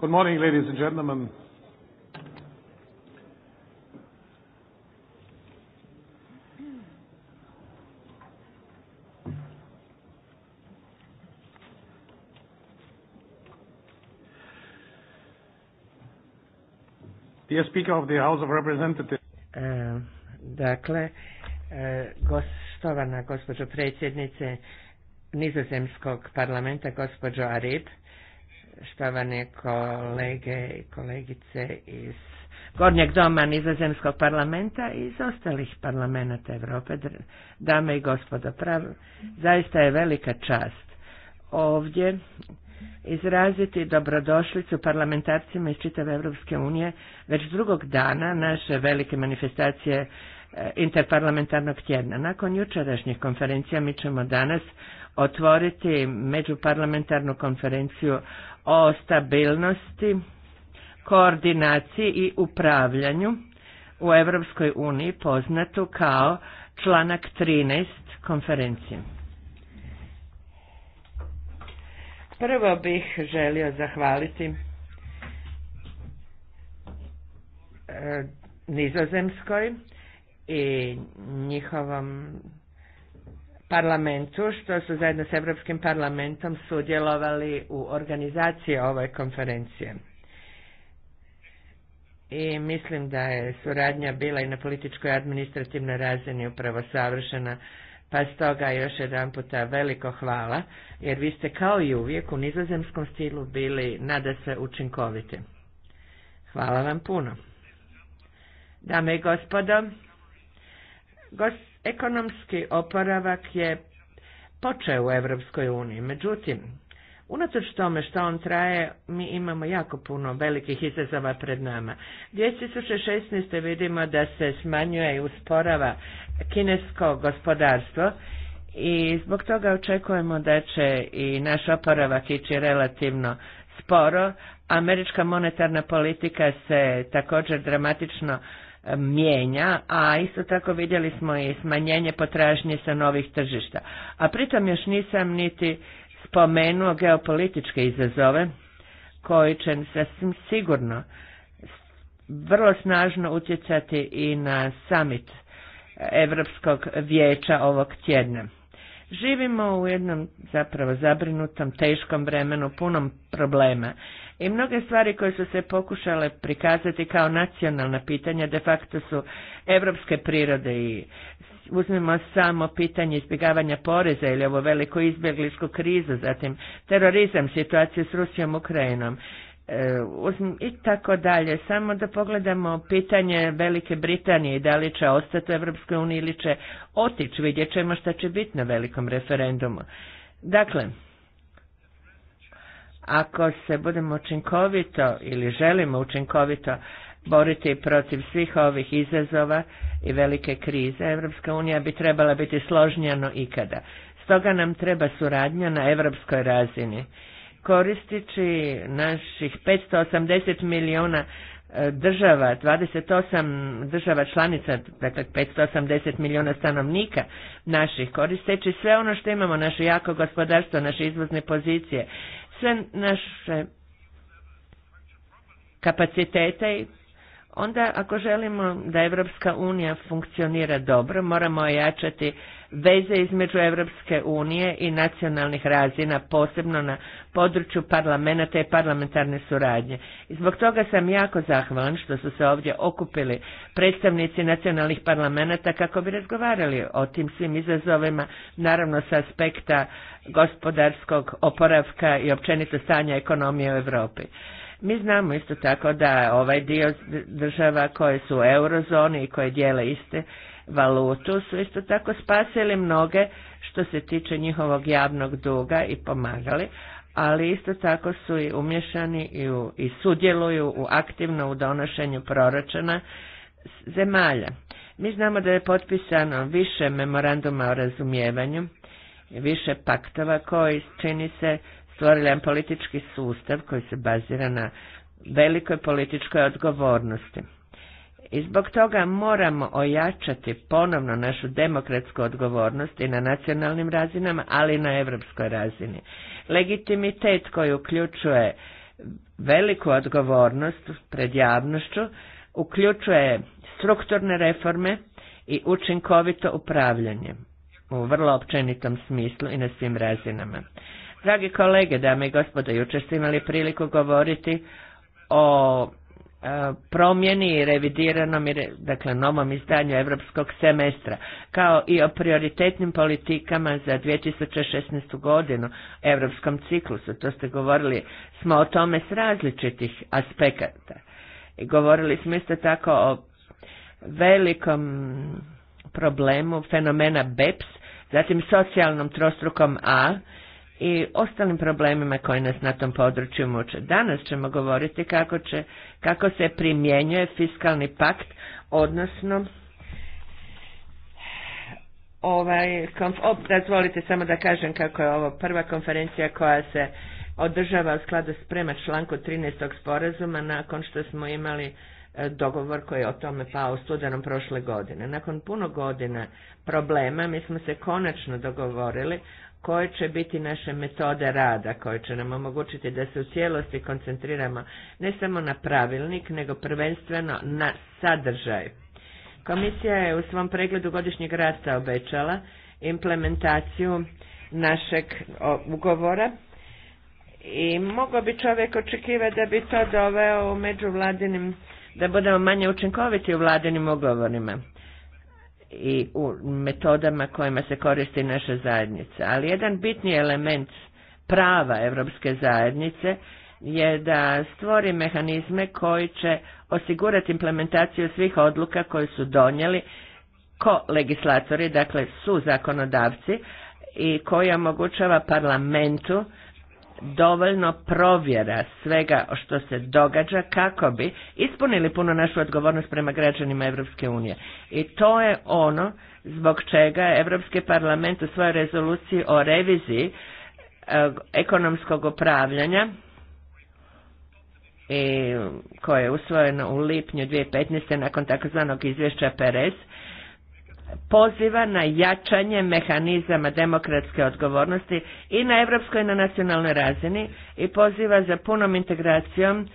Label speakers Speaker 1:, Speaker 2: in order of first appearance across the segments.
Speaker 1: Good morning, ladies and gentlemen. Dear Speaker of
Speaker 2: the House of Representatives. E, dakle, e, gostovana gospođo predsjednice Nizozemskog parlamenta, gospođo Arib, poštovane kolege i kolegice iz Gornjeg doma Nizozemskog parlamenta i iz ostalih parlamenta Europe, dame i gospodo, prav, zaista je velika čast ovdje izraziti dobrodošlicu parlamentarcima iz čitave Evropske unije već drugog dana naše velike manifestacije e, interparlamentarnog tjedna. Nakon jučerašnjih konferencija mi ćemo danas otvoriti međuparlamentarnu konferenciju o stabilnosti, koordinaciji i upravljanju u Europskoj uniji poznatu kao članak 13 konferencije. Prvo bih želio zahvaliti e, Nizozemskoj i njihovom parlamentu što su zajedno s Europskim parlamentom sudjelovali u organizaciji ove konferencije. I mislim da je suradnja bila i na političkoj administrativnoj razini upravo savršena, pa stoga još jedan puta veliko hvala, jer vi ste kao i uvijek u nizozemskom stilu bili nada se učinkoviti. Hvala vam puno. Dame i gospodo, gospodo, Ekonomski oporavak je počeo u Europskoj uniji, međutim, unatoč tome što on traje, mi imamo jako puno velikih izazova pred nama. 2016. vidimo da se smanjuje i usporava kinesko gospodarstvo i zbog toga očekujemo da će i naš oporavak ići relativno sporo. Američka monetarna politika se također dramatično mijenja, a isto tako vidjeli smo i smanjenje potražnje sa novih tržišta. A pritom još nisam niti spomenuo geopolitičke izazove koji će sasvim sigurno vrlo snažno utjecati i na summit Europskog vijeća ovog tjedna. Živimo u jednom zapravo zabrinutom, teškom vremenu, punom problema i mnoge stvari koje su se pokušale prikazati kao nacionalna pitanja de facto su evropske prirode i uzmimo samo pitanje izbjegavanja poreza ili ovo veliku izbjegličku krizu, zatim terorizam, situaciju s Rusijom, Ukrajinom e, i tako dalje. Samo da pogledamo pitanje Velike Britanije i da li će ostati u Evropskoj uniji ili će otići, vidjet ćemo šta će biti na velikom referendumu. Dakle, ako se budemo učinkovito ili želimo učinkovito boriti protiv svih ovih izazova i velike krize, Evropska unija bi trebala biti složnjeno ikada. Stoga nam treba suradnja na europskoj razini. Koristići naših 580 milijuna e, država, 28 država članica, dakle 580 milijuna stanovnika naših, koristeći sve ono što imamo, naše jako gospodarstvo, naše izvozne pozicije, sve naše kapacitete onda ako želimo da Evropska unija funkcionira dobro, moramo ojačati veze između Evropske unije i nacionalnih razina, posebno na području parlamenta i parlamentarne suradnje. I zbog toga sam jako zahvalan što su se ovdje okupili predstavnici nacionalnih parlamenta kako bi razgovarali o tim svim izazovima, naravno sa aspekta gospodarskog oporavka i općenito stanja ekonomije u Europi. Mi znamo isto tako da ovaj dio država koje su u eurozoni i koje dijele iste valutu su isto tako spasili mnoge što se tiče njihovog javnog duga i pomagali, ali isto tako su i umješani i, sudjeluju u aktivno u donošenju proračuna zemalja. Mi znamo da je potpisano više memoranduma o razumijevanju, više paktova koji čini se stvorili jedan politički sustav koji se bazira na velikoj političkoj odgovornosti. I zbog toga moramo ojačati ponovno našu demokratsku odgovornost i na nacionalnim razinama, ali i na evropskoj razini. Legitimitet koji uključuje veliku odgovornost pred javnošću, uključuje strukturne reforme i učinkovito upravljanje u vrlo općenitom smislu i na svim razinama. Dragi kolege, dame i gospodo, jučer ste imali priliku govoriti o e, promjeni i revidiranom, dakle novom izdanju europskog semestra, kao i o prioritetnim politikama za 2016. godinu europskom ciklusu. To ste govorili, smo o tome s različitih aspekata. I govorili smo isto tako o velikom problemu fenomena BEPS, zatim socijalnom trostrukom A, i ostalim problemima koji nas na tom području muče. Danas ćemo govoriti kako, će, kako se primjenjuje fiskalni pakt, odnosno ovaj, konf, dozvolite samo da kažem kako je ovo prva konferencija koja se održava u skladu s prema članku 13. sporazuma nakon što smo imali e, dogovor koji je o tome pao u studenom prošle godine. Nakon puno godina problema mi smo se konačno dogovorili koje će biti naše metode rada, koje će nam omogućiti da se u cijelosti koncentriramo ne samo na pravilnik, nego prvenstveno na sadržaj. Komisija je u svom pregledu godišnjeg rasta obećala implementaciju našeg ugovora i mogao bi čovjek očekivati da bi to doveo u međuvladinim, da budemo manje učinkoviti u vladinim ugovorima i u metodama kojima se koristi naša zajednica. Ali jedan bitni element prava Europske zajednice je da stvori mehanizme koji će osigurati implementaciju svih odluka koje su donijeli ko legislatori, dakle su zakonodavci i koji omogućava parlamentu dovoljno provjera svega što se događa kako bi ispunili puno našu odgovornost prema građanima Europske unije. I to je ono zbog čega je Europski parlament u svojoj rezoluciji o reviziji e, ekonomskog upravljanja i koje je usvojeno u lipnju 2015. nakon takozvanog izvješća Perez poziva na jačanje mehanizama demokratske odgovornosti i na europskoj i na nacionalnoj razini i poziva za punom integracijom e,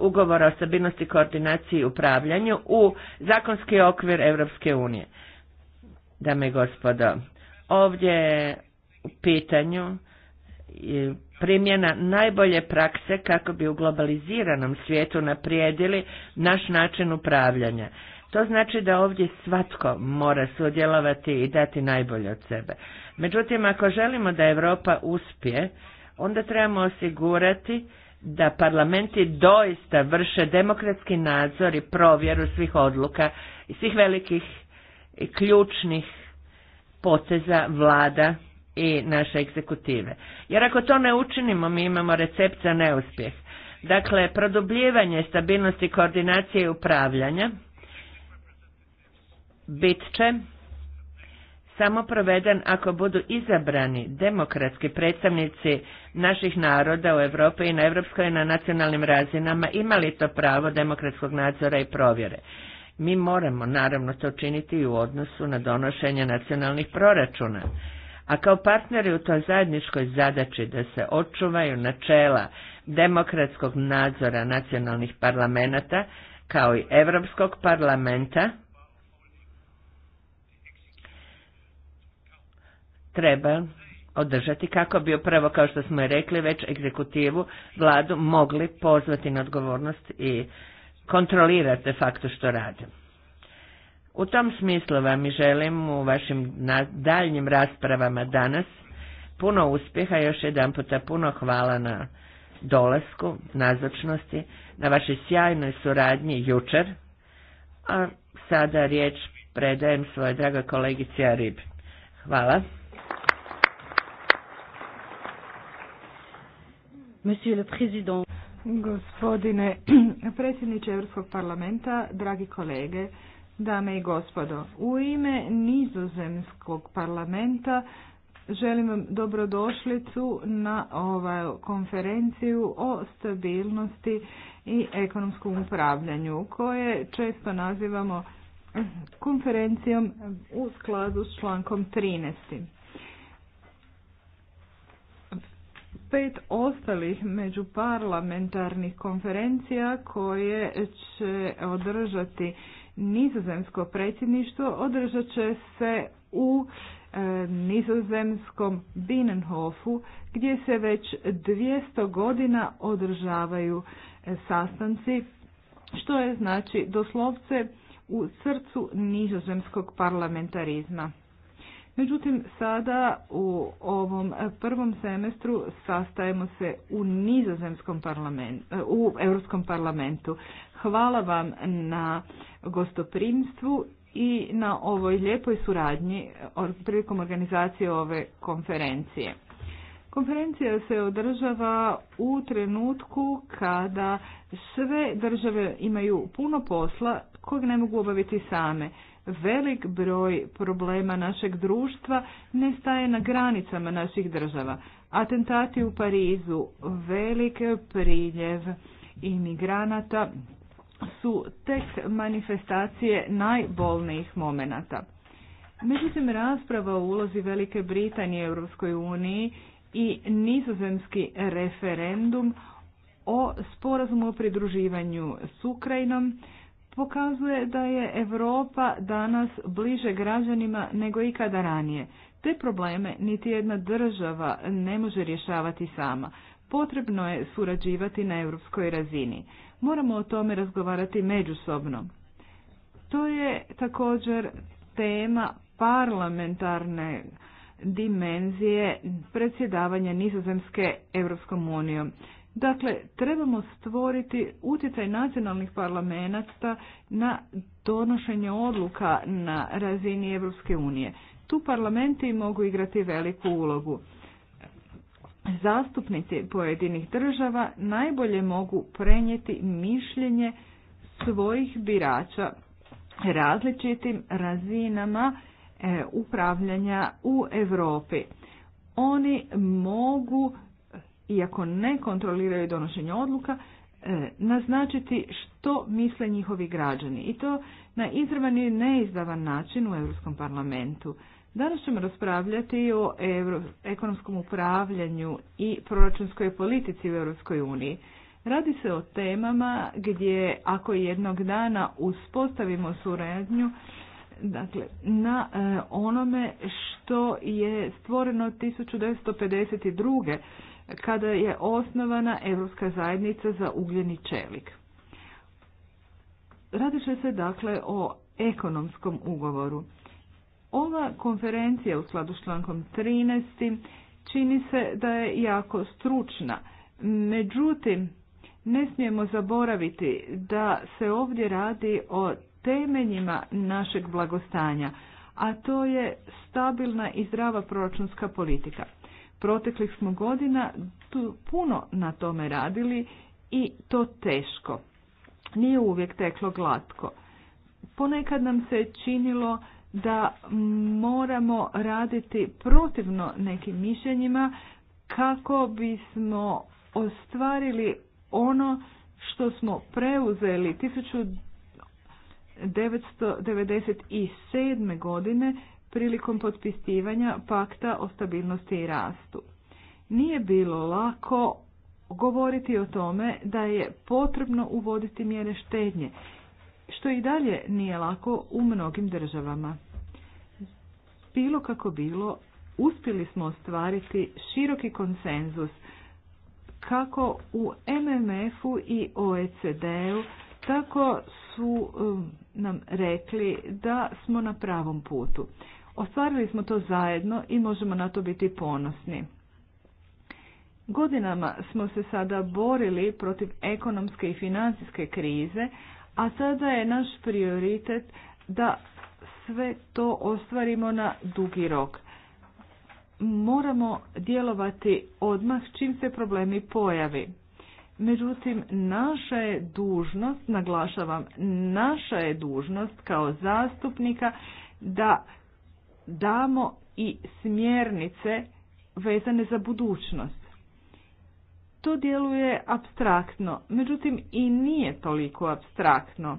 Speaker 2: ugovora o stabilnosti, koordinaciji i upravljanju u zakonski okvir Evropske unije. Dame i gospodo, ovdje u pitanju primjena najbolje prakse kako bi u globaliziranom svijetu naprijedili naš način upravljanja. To znači da ovdje svatko mora sudjelovati i dati najbolje od sebe. Međutim, ako želimo da Europa uspije, onda trebamo osigurati da parlamenti doista vrše demokratski nadzor i provjeru svih odluka i svih velikih i ključnih poteza vlada i naše egzekutive. Jer ako to ne učinimo, mi imamo recept za neuspjeh. Dakle, produbljivanje stabilnosti koordinacije i upravljanja bit će samo proveden ako budu izabrani demokratski predstavnici naših naroda u Europi i na europskoj i na nacionalnim razinama imali to pravo demokratskog nadzora i provjere. Mi moramo naravno to učiniti i u odnosu na donošenje nacionalnih proračuna. A kao partneri u toj zajedničkoj zadaći da se očuvaju načela demokratskog nadzora nacionalnih parlamenta kao i Europskog parlamenta treba održati kako bi upravo kao što smo i rekli već egzekutivu vladu mogli pozvati na odgovornost i kontrolirati de facto što radimo. U tom smislu vam želim u vašim daljnjim raspravama danas puno uspjeha, još jedan puta puno hvala na dolasku, nazočnosti, na vašoj sjajnoj suradnji jučer, a sada riječ predajem svoje draga kolegici Arib. Hvala.
Speaker 3: Monsieur le Président. Gospodine predsjedniče Europskog parlamenta, dragi kolege, Dame i gospodo, u ime nizozemskog parlamenta želim vam dobrodošlicu na ovaj konferenciju o stabilnosti i ekonomskom upravljanju koje često nazivamo konferencijom u skladu s člankom 13. pet ostalih međuparlamentarnih konferencija koje će održati Nizozemsko predsjedništvo održat će se u e, nizozemskom Binnenhofu gdje se već 200 godina održavaju e, sastanci što je znači doslovce u srcu nizozemskog parlamentarizma. Međutim, sada u ovom prvom semestru sastajemo se u nizozemskom parlamentu, u Europskom parlamentu. Hvala vam na gostoprimstvu i na ovoj lijepoj suradnji prilikom organizacije ove konferencije. Konferencija se održava u trenutku kada sve države imaju puno posla kojeg ne mogu obaviti same velik broj problema našeg društva ne staje na granicama naših država. Atentati u Parizu, velik priljev imigranata su tek manifestacije najbolnijih momenata. Međutim, rasprava o ulozi Velike Britanije u Europskoj uniji i nizozemski referendum o sporazumu o pridruživanju s Ukrajinom pokazuje da je Europa danas bliže građanima nego ikada ranije. Te probleme niti jedna država ne može rješavati sama. Potrebno je surađivati na europskoj razini. Moramo o tome razgovarati međusobno. To je također tema parlamentarne dimenzije predsjedavanja Nizozemske Europskom unijom. Dakle, trebamo stvoriti utjecaj nacionalnih parlamenta na donošenje odluka na razini Europske unije. Tu parlamenti mogu igrati veliku ulogu. Zastupnici pojedinih država najbolje mogu prenijeti mišljenje svojih birača različitim razinama e, upravljanja u Europi. Oni mogu iako ne kontroliraju donošenje odluka, e, naznačiti što misle njihovi građani i to na izravan i neizdavan način u Europskom parlamentu. Danas ćemo raspravljati o ekonomskom upravljanju i proračunskoj politici u Europskoj uniji. Radi se o temama gdje ako jednog dana uspostavimo suradnju dakle, na e, onome što je stvoreno 1952 kada je osnovana Europska zajednica za ugljeni čelik. Radi se dakle o ekonomskom ugovoru. Ova konferencija u skladu s 13. čini se da je jako stručna. Međutim, ne smijemo zaboraviti da se ovdje radi o temeljima našeg blagostanja, a to je stabilna i zdrava proračunska politika. Proteklih smo godina tu puno na tome radili i to teško. Nije uvijek teklo glatko. Ponekad nam se činilo da moramo raditi protivno nekim mišljenjima kako bismo ostvarili ono što smo preuzeli 1997. godine prilikom potpisivanja pakta o stabilnosti i rastu. Nije bilo lako govoriti o tome da je potrebno uvoditi mjere štednje, što i dalje nije lako u mnogim državama. Bilo kako bilo, uspjeli smo ostvariti široki konsenzus kako u MMF-u i OECD-u, tako su um, nam rekli da smo na pravom putu. Ostvarili smo to zajedno i možemo na to biti ponosni. Godinama smo se sada borili protiv ekonomske i financijske krize, a sada je naš prioritet da sve to ostvarimo na dugi rok. Moramo djelovati odmah čim se problemi pojavi. Međutim, naša je dužnost, naglašavam, naša je dužnost kao zastupnika da damo i smjernice vezane za budućnost. To djeluje abstraktno, međutim i nije toliko abstraktno.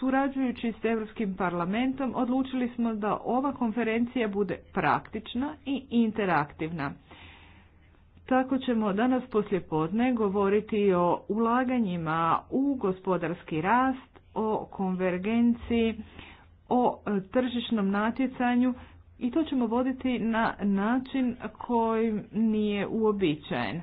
Speaker 3: surađujući s Europskim parlamentom odlučili smo da ova konferencija bude praktična i interaktivna. Tako ćemo danas poslijepodne govoriti o ulaganjima u gospodarski rast, o konvergenciji, o e, tržišnom natjecanju i to ćemo voditi na način koji nije uobičajen.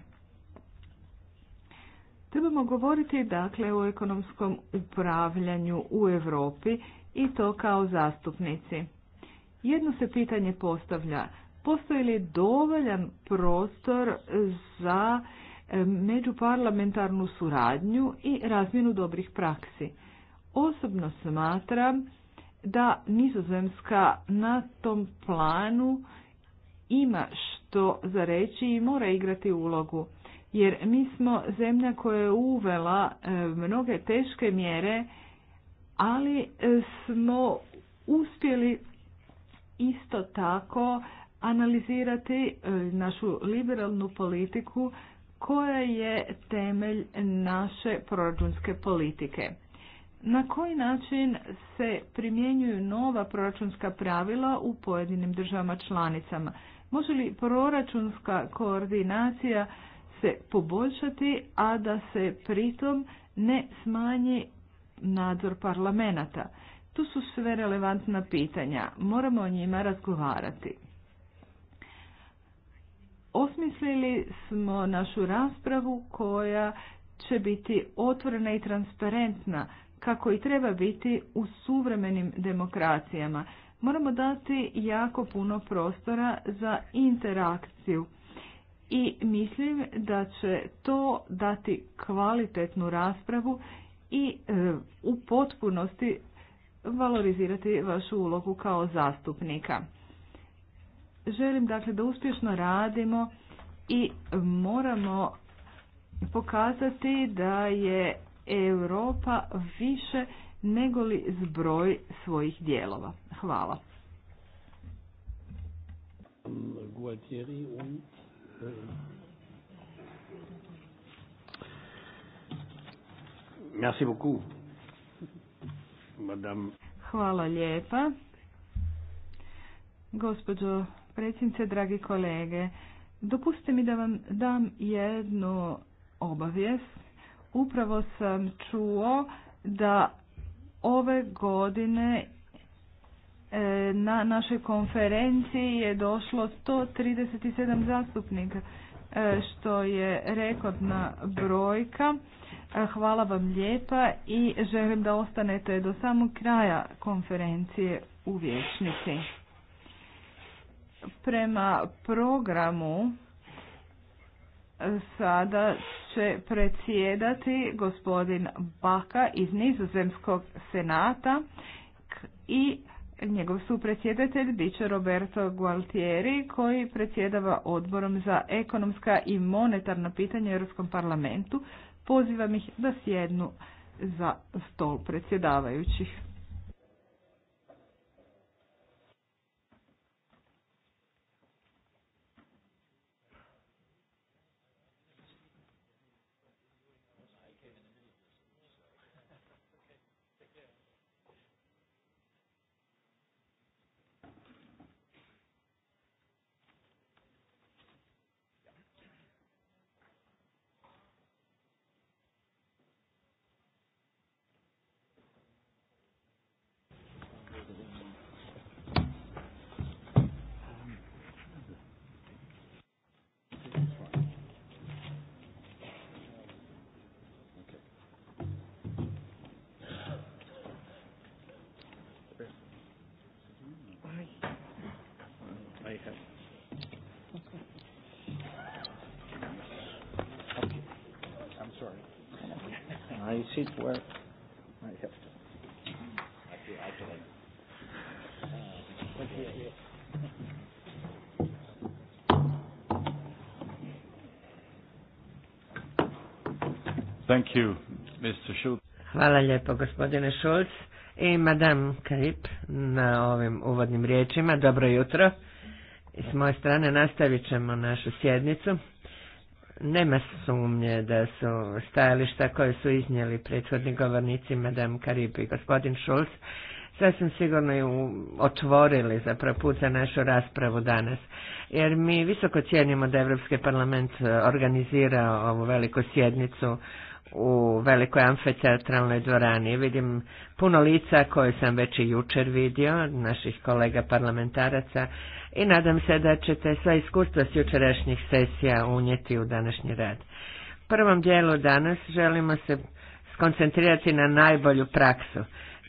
Speaker 3: Trebamo govoriti dakle o ekonomskom upravljanju u Europi i to kao zastupnici. Jedno se pitanje postavlja, postoji li dovoljan prostor za e, međuparlamentarnu suradnju i razmjenu dobrih praksi? Osobno smatram da Nizozemska na tom planu ima što za reći i mora igrati ulogu. Jer mi smo zemlja koja je uvela e, mnoge teške mjere, ali e, smo uspjeli isto tako analizirati e, našu liberalnu politiku koja je temelj naše proračunske politike na koji način se primjenjuju nova proračunska pravila u pojedinim državama članicama? Može li proračunska koordinacija se poboljšati, a da se pritom ne smanji nadzor parlamenta? Tu su sve relevantna pitanja. Moramo o njima razgovarati. Osmislili smo našu raspravu koja će biti otvorena i transparentna kako i treba biti u suvremenim demokracijama. Moramo dati jako puno prostora za interakciju i mislim da će to dati kvalitetnu raspravu i e, u potpunosti valorizirati vašu ulogu kao zastupnika. Želim dakle da uspješno radimo i moramo pokazati da je Europa više nego zbroj svojih dijelova. Hvala.
Speaker 1: Eh. Merci beaucoup. Madame.
Speaker 3: Hvala lijepa. Gospođo predsjednice, dragi kolege, dopustite mi da vam dam jednu obavijest upravo sam čuo da ove godine e, na našoj konferenciji je došlo 137 zastupnika, e, što je rekordna brojka. E, hvala vam lijepa i želim da ostanete do samog kraja konferencije u vječnici. Prema programu Sada će predsjedati gospodin Baka iz Nizozemskog senata i njegov su predsjedatelj bit Roberto Gualtieri koji predsjedava odborom za ekonomska i monetarna pitanja u Europskom parlamentu. Pozivam ih da sjednu za stol predsjedavajućih.
Speaker 2: Hvala lijepo gospodine Schulz i Madame Krip na ovim uvodnim riječima. Dobro jutro. S moje strane nastavit ćemo našu sjednicu. Nema sumnje da su stajališta koje su iznijeli prethodni govornici Madame Karib i gospodin Schulz sasvim sigurno otvorili zapravo put za našu raspravu danas. Jer mi visoko cijenimo da Europski parlament eh, organizira ovu veliku sjednicu u velikoj amfiteatralnoj dvorani. Vidim puno lica koje sam već i jučer vidio, naših kolega parlamentaraca i nadam se da ćete sva iskustva s jučerašnjih sesija unijeti u današnji rad. U prvom dijelu danas želimo se skoncentrirati na najbolju praksu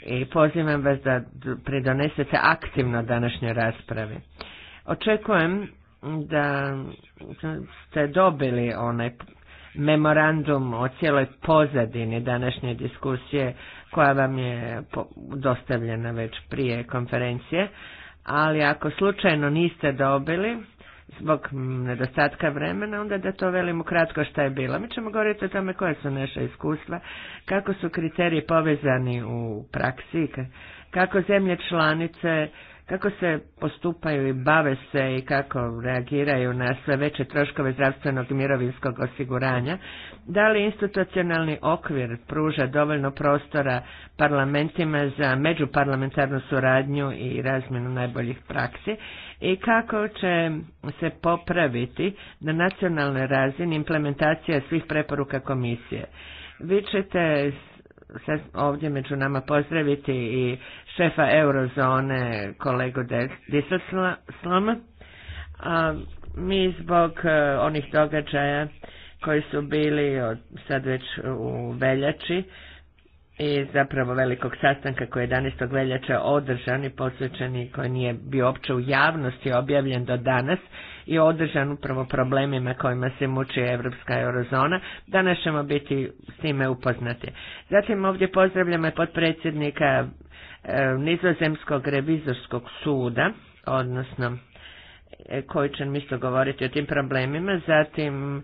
Speaker 2: i pozivam vas da pridonesete aktivno današnjoj raspravi. Očekujem da ste dobili onaj memorandum o cijeloj pozadini današnje diskusije koja vam je dostavljena već prije konferencije, ali ako slučajno niste dobili, zbog nedostatka vremena, onda da to velimo kratko šta je bilo. Mi ćemo govoriti o tome koje su naša iskustva, kako su kriteriji povezani u praksi, kako zemlje članice kako se postupaju i bave se i kako reagiraju na sve veće troškove zdravstvenog i mirovinskog osiguranja? Da li institucionalni okvir pruža dovoljno prostora parlamentima za međuparlamentarnu suradnju i razmjenu najboljih praksi? I kako će se popraviti na nacionalnoj razini implementacija svih preporuka komisije? Vi ćete sad ovdje među nama pozdraviti i šefa eurozone kolegu Disselsloma. mi zbog e, onih događaja koji su bili sad već u veljači i zapravo velikog sastanka koji je 11. veljača održan i posvećen i koji nije bio opće u javnosti objavljen do danas, i održan upravo problemima kojima se muči Evropska eurozona. Danas ćemo biti s time upoznati. Zatim ovdje pozdravljamo potpredsjednika e, Nizozemskog revizorskog suda, odnosno e, koji će mi isto govoriti o tim problemima. Zatim e,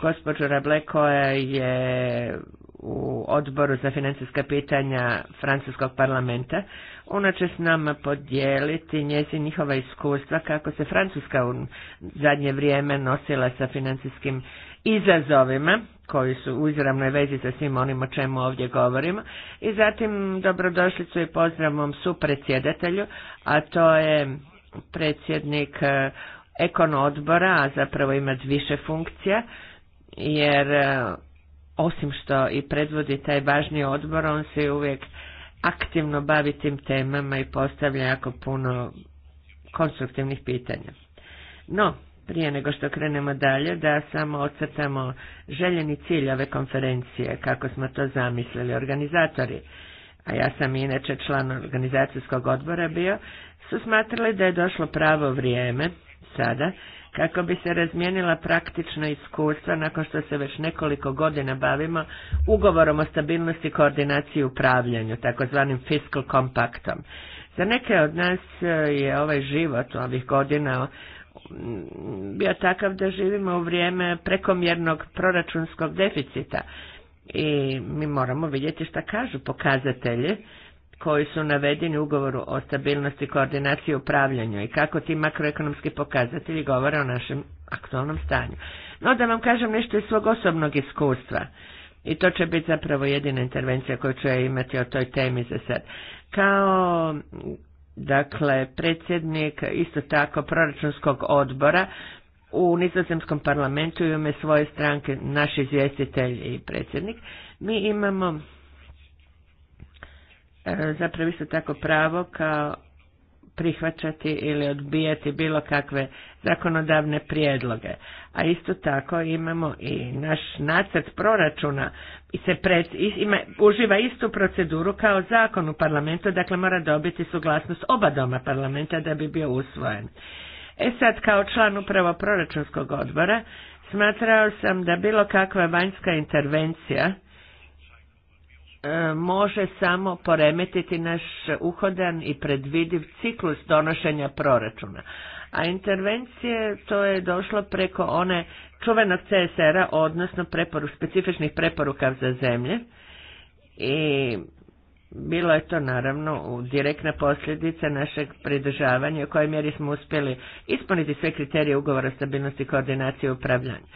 Speaker 2: gospođu Rable koja je u odboru za financijska pitanja francuskog parlamenta ona će s nama podijeliti njezi njihova iskustva kako se Francuska u zadnje vrijeme nosila sa financijskim izazovima koji su u izravnoj vezi sa svim onim o čemu ovdje govorimo i zatim dobrodošlicu i pozdrav mom supredsjedatelju, a to je predsjednik e, ekon odbora, a zapravo ima više funkcija, jer e, osim što i predvodi taj važni odbor, on se uvijek aktivno bavi tim temama i postavlja jako puno konstruktivnih pitanja. No, prije nego što krenemo dalje, da samo ocrtamo željeni cilj ove konferencije, kako smo to zamislili organizatori, a ja sam inače član organizacijskog odbora bio, su smatrali da je došlo pravo vrijeme sada kako bi se razmijenila praktična iskustva nakon što se već nekoliko godina bavimo ugovorom o stabilnosti, koordinaciji i upravljanju, takozvanim fiscal compactom. Za neke od nas e, je ovaj život ovih godina bio takav da živimo u vrijeme prekomjernog proračunskog deficita i mi moramo vidjeti šta kažu pokazatelji koji su navedeni u ugovoru o stabilnosti, koordinaciji i upravljanju i kako ti makroekonomski pokazatelji govore o našem aktualnom stanju. No da vam kažem nešto iz svog osobnog iskustva. I to će biti zapravo jedina intervencija koju ću ja imati o toj temi za sad. Kao, dakle, predsjednik isto tako proračunskog odbora u nizozemskom parlamentu i ume svoje stranke, naš izvjestitelj i predsjednik, mi imamo E, zapravo isto tako pravo kao prihvaćati ili odbijati bilo kakve zakonodavne prijedloge. A isto tako imamo i naš nacrt proračuna i se pred, ima, uživa istu proceduru kao zakon u parlamentu, dakle mora dobiti suglasnost oba doma parlamenta da bi bio usvojen. E sad, kao član upravo proračunskog odbora, smatrao sam da bilo kakva vanjska intervencija E, može samo poremetiti naš uhodan i predvidiv ciklus donošenja proračuna. A intervencije to je došlo preko one čuvenog CSR-a, odnosno preporu, specifičnih preporuka za zemlje. I bilo je to naravno direktna posljedica našeg pridržavanja u kojoj mjeri smo uspjeli ispuniti sve kriterije ugovora o stabilnosti, koordinacije upravljanja.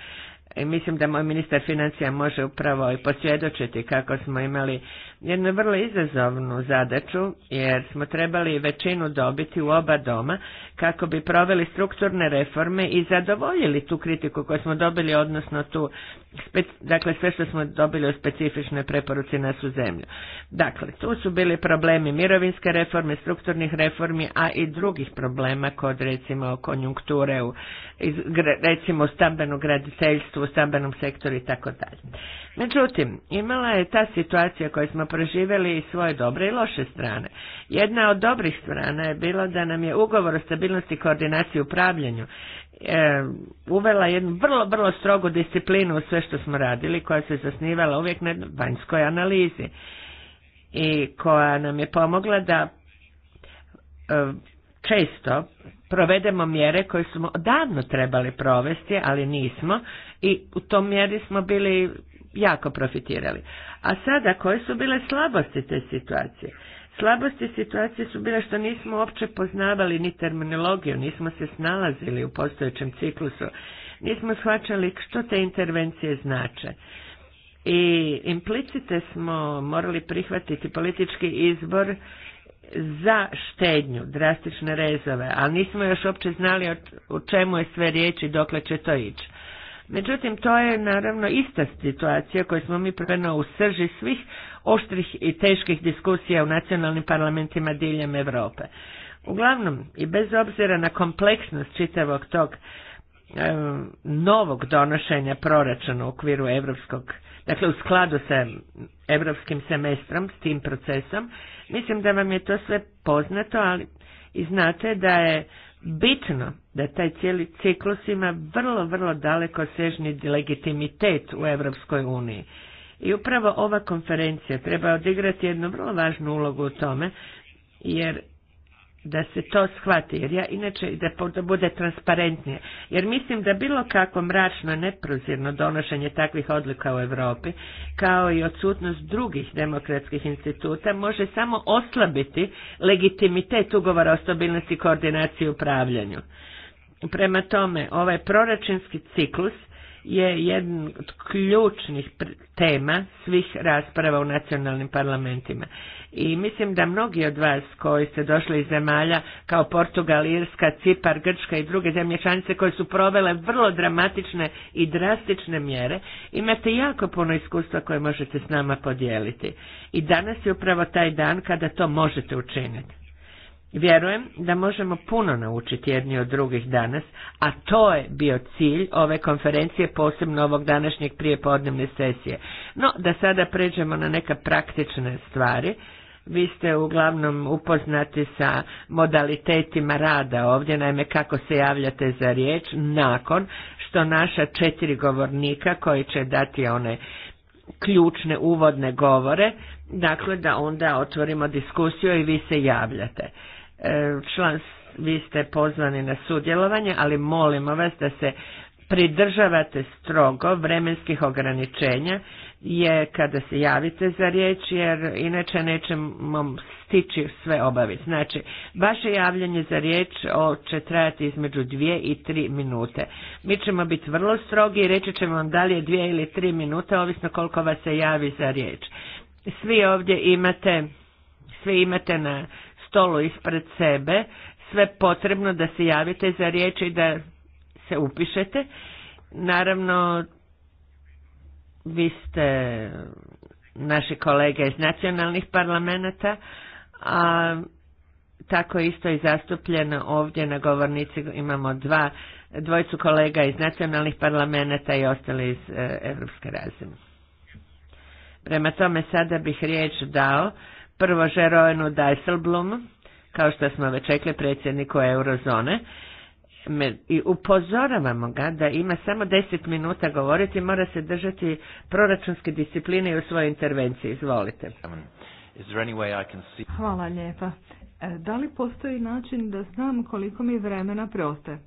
Speaker 2: I e, mislim da moj ministar financija može upravo i posvjedočiti kako smo imali jednu vrlo izazovnu zadaču jer smo trebali većinu dobiti u oba doma kako bi proveli strukturne reforme i zadovoljili tu kritiku koju smo dobili, odnosno tu, dakle sve što smo dobili u specifične preporuci na su zemlju. Dakle, tu su bili problemi mirovinske reforme, strukturnih reformi, a i drugih problema kod recimo konjunkture, u, recimo stambenu graditeljstvu, u stambenom sektoru i tako dalje. Međutim, imala je ta situacija koju smo proživjeli i svoje dobre i loše strane. Jedna od dobrih strana je bila da nam je ugovor o stabilnosti koordinaciji i upravljanju e, uvela jednu vrlo, vrlo strogu disciplinu u sve što smo radili, koja se zasnivala uvijek na vanjskoj analizi i koja nam je pomogla da e, često provedemo mjere koje smo odavno trebali provesti, ali nismo i u tom mjeri smo bili jako profitirali. A sada, koje su bile slabosti te situacije? Slabosti situacije su bile što nismo uopće poznavali ni terminologiju, nismo se snalazili u postojećem ciklusu, nismo shvaćali što te intervencije znače. I implicite smo morali prihvatiti politički izbor za štednju, drastične rezove, ali nismo još uopće znali o čemu je sve riječ i dokle će to ići. Međutim, to je naravno ista situacija koju smo mi prveno u srži svih oštrih i teških diskusija u nacionalnim parlamentima diljem Europe. Uglavnom, i bez obzira na kompleksnost čitavog tog novog donošenja proračuna u okviru evropskog, dakle u skladu sa evropskim semestrom, s tim procesom, mislim da vam je to sve poznato, ali i znate da je bitno da taj cijeli ciklus ima vrlo, vrlo daleko sežni legitimitet u Europskoj uniji. I upravo ova konferencija treba odigrati jednu vrlo važnu ulogu u tome, jer da se to shvati, jer ja inače da bude transparentnije. Jer mislim da bilo kako mračno, neprozirno donošenje takvih odluka u Europi, kao i odsutnost drugih demokratskih instituta, može samo oslabiti legitimitet ugovora o stabilnosti, koordinaciji i upravljanju. Prema tome, ovaj proračunski ciklus je jedan od ključnih tema svih rasprava u nacionalnim parlamentima. I mislim da mnogi od vas koji ste došli iz zemalja kao Portugal, Irska, Cipar, Grčka i druge zemlje članice koje su provele vrlo dramatične i drastične mjere, imate jako puno iskustva koje možete s nama podijeliti. I danas je upravo taj dan kada to možete učiniti. Vjerujem da možemo puno naučiti jedni od drugih danas, a to je bio cilj ove konferencije, posebno ovog današnjeg prijepodnevne sesije. No, da sada pređemo na neka praktične stvari. Vi ste uglavnom upoznati sa modalitetima rada ovdje, naime kako se javljate za riječ nakon što naša četiri govornika koji će dati one ključne uvodne govore, dakle da onda otvorimo diskusiju i vi se javljate. E, član, vi ste pozvani na sudjelovanje, ali molimo vas da se pridržavate strogo vremenskih ograničenja je kada se javite za riječ jer inače nećemo stići sve obaviti. Znači, vaše javljanje za riječ će trajati između dvije i tri minute. Mi ćemo biti vrlo strogi i reći ćemo vam da li je dvije ili tri minute, ovisno koliko vas se javi za riječ. Svi ovdje imate, svi imate na stolu ispred sebe sve potrebno da se javite za riječ i da se upišete. Naravno, vi ste naši kolege iz nacionalnih parlamenta, a tako isto i zastupljeno ovdje na govornici imamo dva, dvojcu kolega iz nacionalnih parlamenta i ostali iz Europske razine. Prema tome sada bih riječ dao Prvo Žerojenu Dijsselblumu, kao što smo već rekli predsjedniku Eurozone, i upozoravamo ga da ima samo 10 minuta govoriti,
Speaker 3: mora se držati proračunske discipline i u svojoj intervenciji. Izvolite. Hvala lijepa. E, da li postoji način da znam koliko mi vremena preostaje?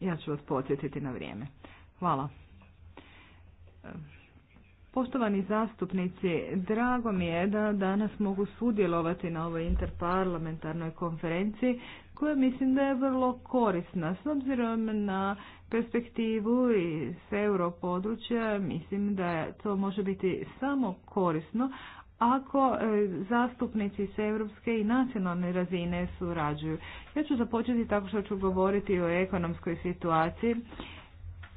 Speaker 3: Ja ću vas podsjetiti na vrijeme. Hvala. E, Poštovani zastupnici, drago mi je da danas mogu sudjelovati na ovoj interparlamentarnoj konferenciji koja mislim da je vrlo korisna. S obzirom na perspektivu i s europodručja mislim da to može biti samo korisno ako e, zastupnici s europske i nacionalne razine surađuju. Ja ću započeti tako što ću govoriti o ekonomskoj situaciji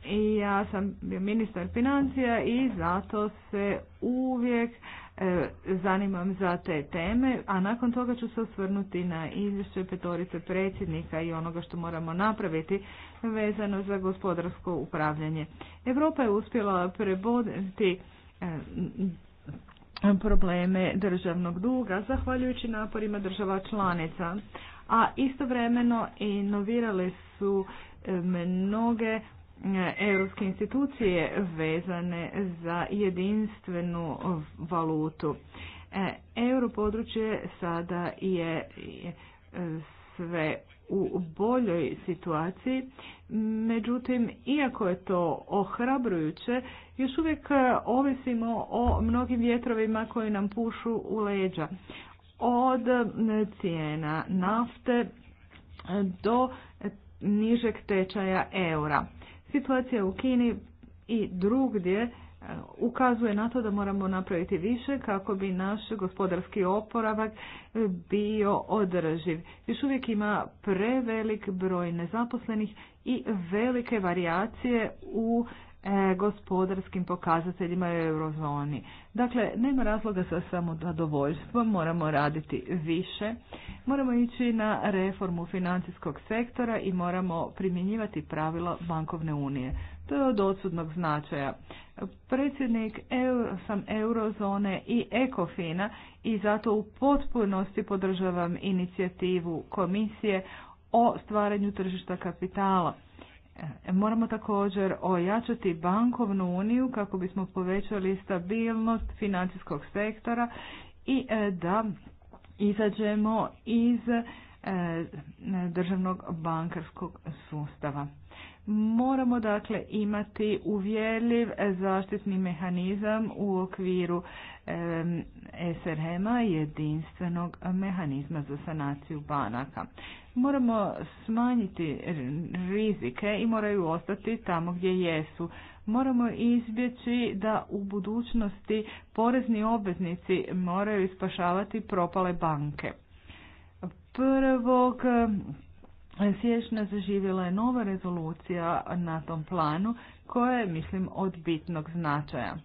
Speaker 3: i ja sam bio ministar financija i zato se uvijek e, zanimam za te teme, a nakon toga ću se osvrnuti na izvješće petorice predsjednika i onoga što moramo napraviti vezano za gospodarsko upravljanje. Europa je uspjela preboditi e, probleme državnog duga zahvaljujući naporima država članica, a istovremeno inovirale su e, mnoge europske institucije vezane za jedinstvenu valutu. E, Euro područje sada je sve u boljoj situaciji, međutim, iako je to ohrabrujuće, još uvijek ovisimo o mnogim vjetrovima koji nam pušu u leđa. Od cijena nafte do nižeg tečaja eura. Situacija u Kini i drugdje e, ukazuje na to da moramo napraviti više kako bi naš gospodarski oporavak e, bio održiv. Još uvijek ima prevelik broj nezaposlenih i velike varijacije u E, gospodarskim pokazateljima u eurozoni. Dakle, nema razloga za zadovoljstvom, moramo raditi više, moramo ići na reformu financijskog sektora i moramo primjenjivati pravila bankovne unije. To je od odsudnog značaja. Predsjednik sam eurozone i ekofina i zato u potpunosti podržavam inicijativu komisije o stvaranju tržišta kapitala E, moramo također ojačati bankovnu uniju kako bismo povećali stabilnost financijskog sektora i e, da izađemo iz e, državnog bankarskog sustava. Moramo dakle imati uvjerljiv zaštitni mehanizam u okviru SRM-a jedinstvenog mehanizma za sanaciju banaka. Moramo smanjiti rizike i moraju ostati tamo gdje jesu. Moramo izbjeći da u budućnosti porezni obveznici moraju ispašavati propale banke. Prvog eh, siječnja zaživjela je nova rezolucija na tom planu koja je, mislim, od bitnog značaja.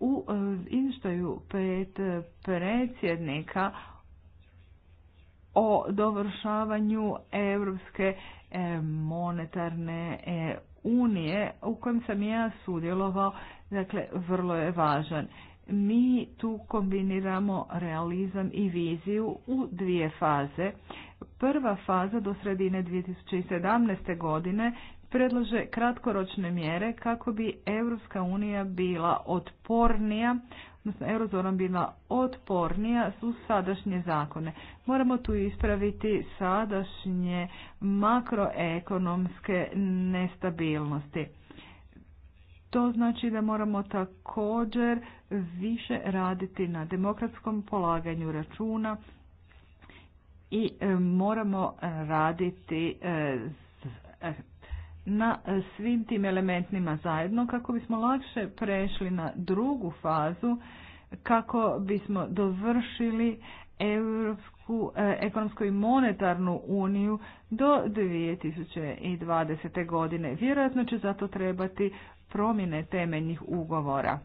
Speaker 3: U eh, inštaju pet eh, predsjednika o dovršavanju Europske e, monetarne e, unije u kojem sam ja sudjelovao, dakle vrlo je važan. Mi tu kombiniramo realizam i viziju u dvije faze. Prva faza do sredine 2017. godine predlože kratkoročne mjere kako bi Europska unija bila otpornija odnosno eurozonom bila otpornija su sadašnje zakone. Moramo tu ispraviti sadašnje makroekonomske nestabilnosti. To znači da moramo također više raditi na demokratskom polaganju računa i e, moramo raditi e, e, na e, svim tim elementima zajedno kako bismo lakše prešli na drugu fazu kako bismo dovršili Europsku e, ekonomsku i monetarnu uniju do 2020. godine. Vjerojatno će zato trebati promjene temeljnih ugovora.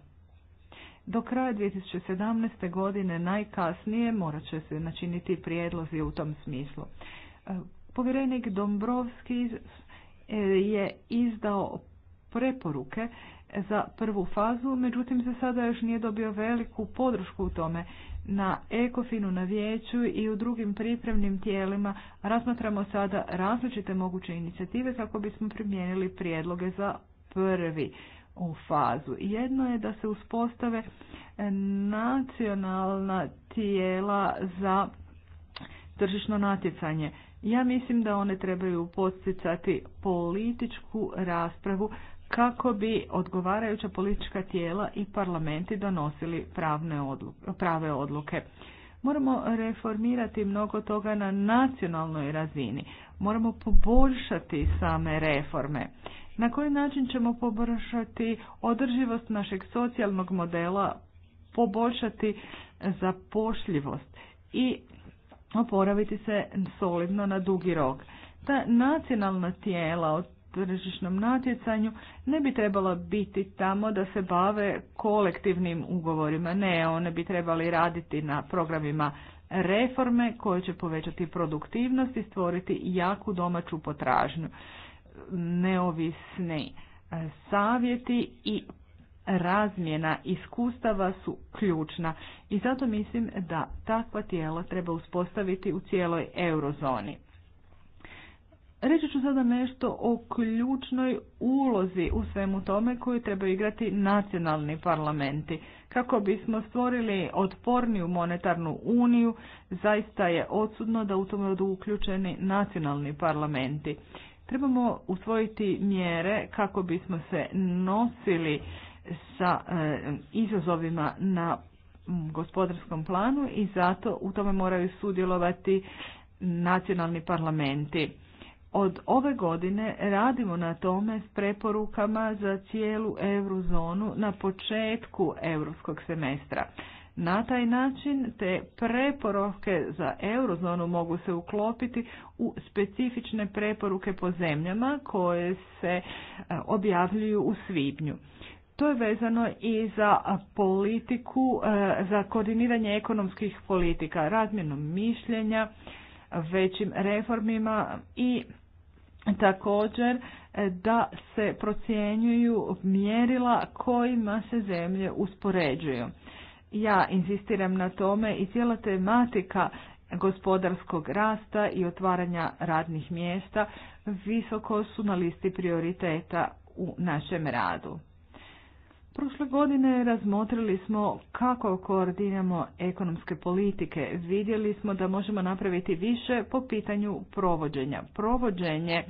Speaker 3: Do kraja 2017. godine najkasnije morat će se načiniti prijedlozi u tom smislu. E, povjerenik Dombrovski E, je izdao preporuke za prvu fazu, međutim se sada još nije dobio veliku podršku u tome. Na Ekofinu, na Vijeću i u drugim pripremnim tijelima razmatramo sada različite moguće inicijative kako bismo primijenili prijedloge za prvi u fazu. Jedno je da se uspostave nacionalna tijela za tržišno natjecanje. Ja mislim da one trebaju posticati političku raspravu kako bi odgovarajuća politička tijela i parlamenti donosili pravne odluke, prave odluke. Moramo reformirati mnogo toga na nacionalnoj razini. Moramo poboljšati same reforme. Na koji način ćemo poboljšati održivost našeg socijalnog modela, poboljšati zapošljivost i oporaviti se solidno na dugi rok. Ta nacionalna tijela od tržišnom natjecanju ne bi trebala biti tamo da se bave kolektivnim ugovorima. Ne, one bi trebali raditi na programima reforme koje će povećati produktivnost i stvoriti jaku domaću potražnju. Neovisni e, savjeti i razmjena iskustava su ključna i zato mislim da takva tijela treba uspostaviti u cijeloj eurozoni. Reći ću sada nešto o ključnoj ulozi u svemu tome koju treba igrati nacionalni parlamenti. Kako bismo stvorili otporniju monetarnu uniju, zaista je odsudno da u tome rodu uključeni nacionalni parlamenti. Trebamo usvojiti mjere kako bismo se nosili sa e, izazovima na gospodarskom planu i zato u tome moraju sudjelovati nacionalni parlamenti. Od ove godine radimo na tome s preporukama za cijelu eurozonu na početku europskog semestra. Na taj način te preporuke za eurozonu mogu se uklopiti u specifične preporuke po zemljama koje se e, objavljuju u svibnju. To je vezano i za politiku, e, za koordiniranje ekonomskih politika, razmjenom mišljenja, većim reformima i također e, da se procjenjuju mjerila kojima se zemlje uspoređuju. Ja insistiram na tome i cijela tematika gospodarskog rasta i otvaranja radnih mjesta visoko su na listi prioriteta u našem radu. Prošle godine razmotrili smo kako koordiniramo ekonomske politike. Vidjeli smo da možemo napraviti više po pitanju provođenja. Provođenje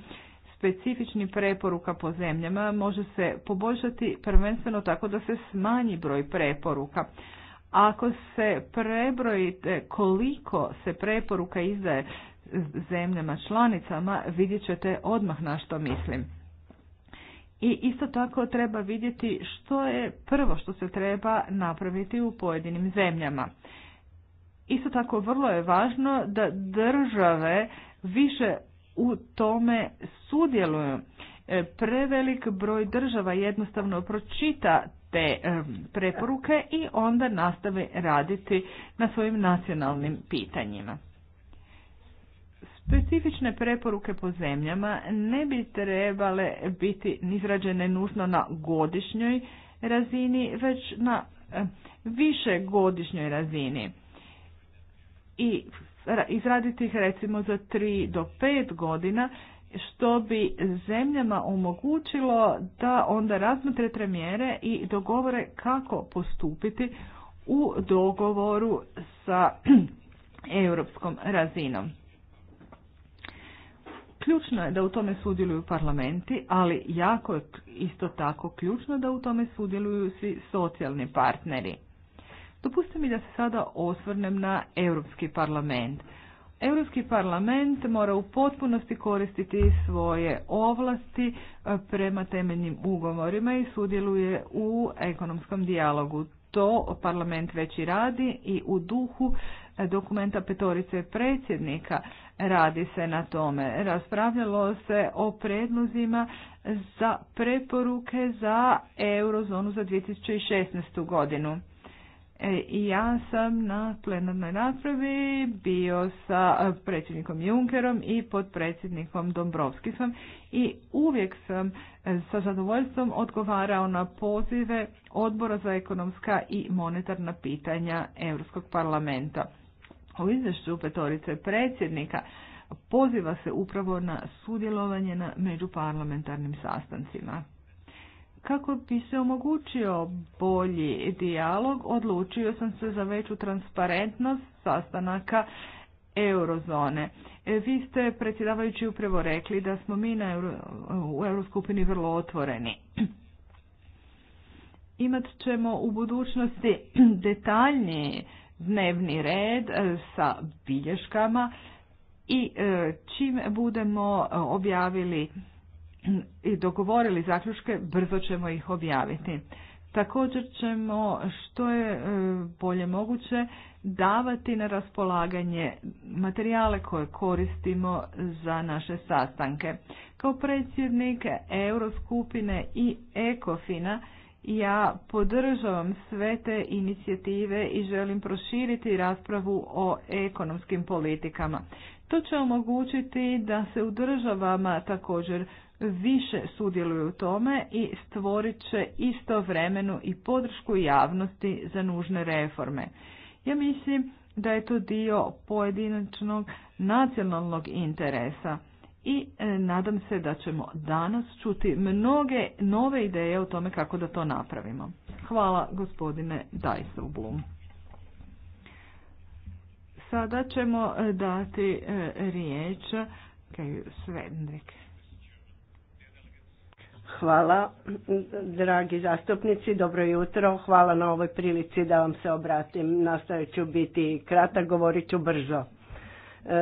Speaker 3: specifičnih preporuka po zemljama može se poboljšati prvenstveno tako da se smanji broj preporuka. Ako se prebrojite koliko se preporuka izdaje zemljama članicama, vidjet ćete odmah na što mislim. I isto tako treba vidjeti što je prvo što se treba napraviti u pojedinim zemljama. Isto tako vrlo je važno da države više u tome sudjeluju. E, prevelik broj država jednostavno pročita te preporuke i onda nastave raditi na svojim nacionalnim pitanjima. Specifične preporuke po zemljama ne bi trebale biti izrađene nužno na godišnjoj razini, već na eh, više godišnjoj razini. I izraditi ih recimo za 3 do 5 godina, što bi zemljama omogućilo da onda razmotre tre mjere i dogovore kako postupiti u dogovoru sa europskom razinom. Ključno je da u tome sudjeluju parlamenti, ali jako je isto tako ključno da u tome sudjeluju svi socijalni partneri. Dopustite mi da se sada osvrnem na Europski parlament. Europski parlament mora u potpunosti koristiti svoje ovlasti eh, prema temeljnim ugovorima i sudjeluje u ekonomskom dijalogu. To parlament već i radi i u duhu dokumenta petorice predsjednika. Radi se na tome. Raspravljalo se o predlozima za preporuke za eurozonu za 2016. godinu. E, I ja sam na plenarnoj raspravi bio sa predsjednikom Junkerom i podpredsjednikom Dombrovskisom i uvijek sam sa zadovoljstvom odgovarao na pozive Odbora za ekonomska i monetarna pitanja Europskog parlamenta u izvješću petorice predsjednika poziva se upravo na sudjelovanje na međuparlamentarnim sastancima. Kako bi se omogućio bolji dijalog, odlučio sam se za veću transparentnost sastanaka eurozone. E, vi ste predsjedavajući upravo rekli da smo mi na Euro, u Euroskupini vrlo otvoreni. Imat ćemo u budućnosti detaljnije dnevni red e, sa bilješkama i e, čim budemo e, objavili i dogovorili zaključke, brzo ćemo ih objaviti. Također ćemo što je bolje moguće davati na raspolaganje materijale koje koristimo za naše sastanke. Kao predsjednik Euroskupine i Ekofina ja podržavam sve te inicijative i želim proširiti raspravu o ekonomskim politikama. To će omogućiti da se u državama također više sudjeluju u tome i stvorit će istovremenu i podršku javnosti za nužne reforme. Ja mislim da je to dio pojedinačnog nacionalnog interesa i e, nadam se da ćemo danas čuti mnoge nove ideje o tome kako da to napravimo. Hvala gospodine Dijsselblum. Sada ćemo e, dati e, riječ Hvala, dragi zastupnici, dobro
Speaker 4: jutro. Hvala na ovoj prilici da vam se obratim. Nastavit ću biti kratak, govorit ću brzo.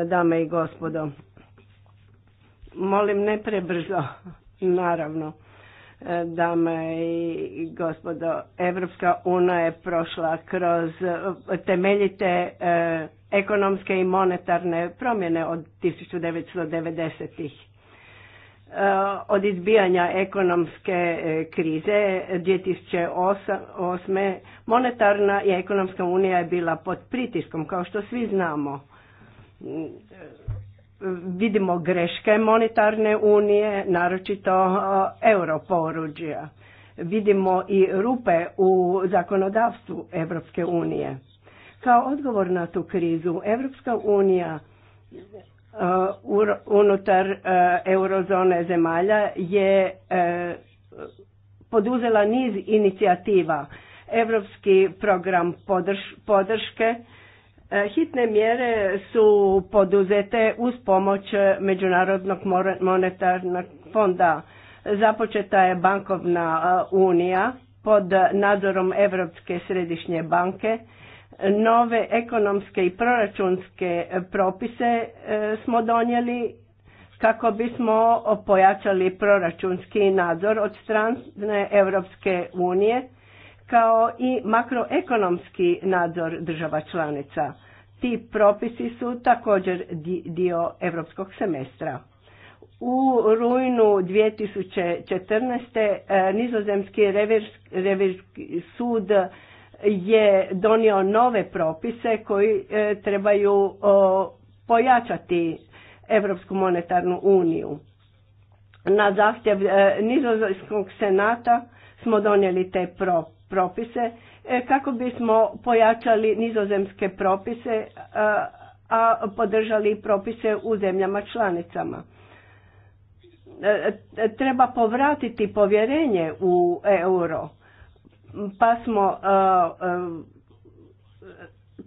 Speaker 4: Dame i gospodo, Molim ne prebrzo, naravno, e, dame i gospodo. Evropska una je prošla kroz e, temeljite e, ekonomske i monetarne promjene od 1990-ih od izbijanja ekonomske krize 2008. Monetarna i ekonomska unija je bila pod pritiskom, kao što svi znamo vidimo greške monetarne unije, naročito e, europoruđija. Vidimo i rupe u zakonodavstvu Europske unije. Kao odgovor na tu krizu Europska unija
Speaker 1: e,
Speaker 4: unutar e, eurozone zemalja je poduzela niz inicijativa. Europski program podrške E, hitne mjere su poduzete uz pomoć Međunarodnog monetarnog fonda. Započeta je bankovna e, unija pod nadzorom Europske središnje banke. Nove ekonomske i proračunske e, propise smo donijeli kako bismo pojačali proračunski nadzor od strane Europske unije kao i makroekonomski nadzor država članica. Ti propisi su također dio europskog semestra. U rujnu 2014. E, nizozemski revirski sud je donio nove propise koji e, trebaju pojačati Evropsku monetarnu uniju. Na zahtjev e, nizozemskog senata smo donijeli te propise propise e, kako bismo pojačali nizozemske propise, e, a podržali propise u zemljama članicama. E, treba povratiti povjerenje u euro, pa smo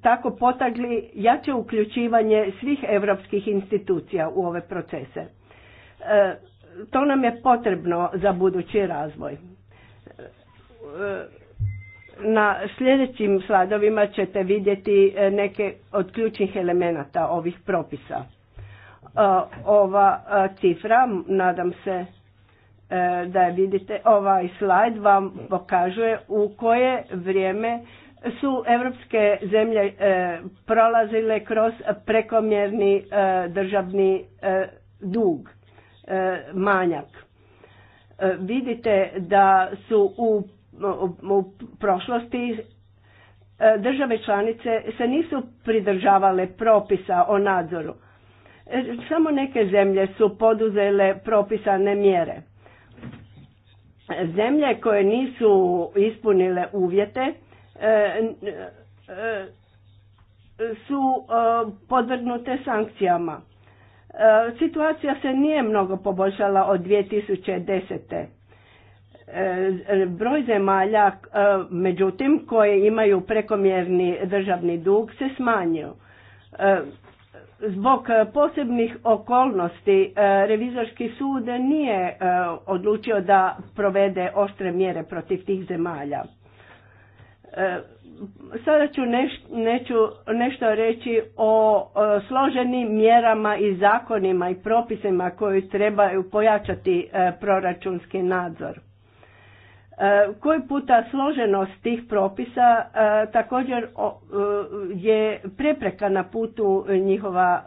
Speaker 4: tako potagli jače uključivanje svih europskih institucija u ove procese. To nam je potrebno za budući razvoj na sljedećim sladovima ćete vidjeti e, neke od ključnih elemenata ovih propisa. E, ova e, cifra, nadam se da je vidite, ovaj slajd vam pokazuje u koje vrijeme su evropske zemlje prolazile kroz prekomjerni državni dug, manjak. Vidite da su u u prošlosti e, države članice se nisu pridržavale propisa o nadzoru. E, samo neke zemlje su poduzele propisane mjere. Zemlje koje nisu ispunile uvjete
Speaker 1: e, su
Speaker 4: podvrgnute sankcijama. Situacija se nije mnogo poboljšala od 2010. Broj zemalja, e, međutim, koje imaju prekomjerni državni dug se smanjio. E, zbog posebnih okolnosti e, revizorski sud nije odlučio da provede oštre mjere protiv tih zemalja. Sada ću nešto reći o, složenim mjerama i zakonima i propisima koji trebaju pojačati proračunski nadzor. E, koji puta složenost tih propisa e, također e, je prepreka na putu njihova,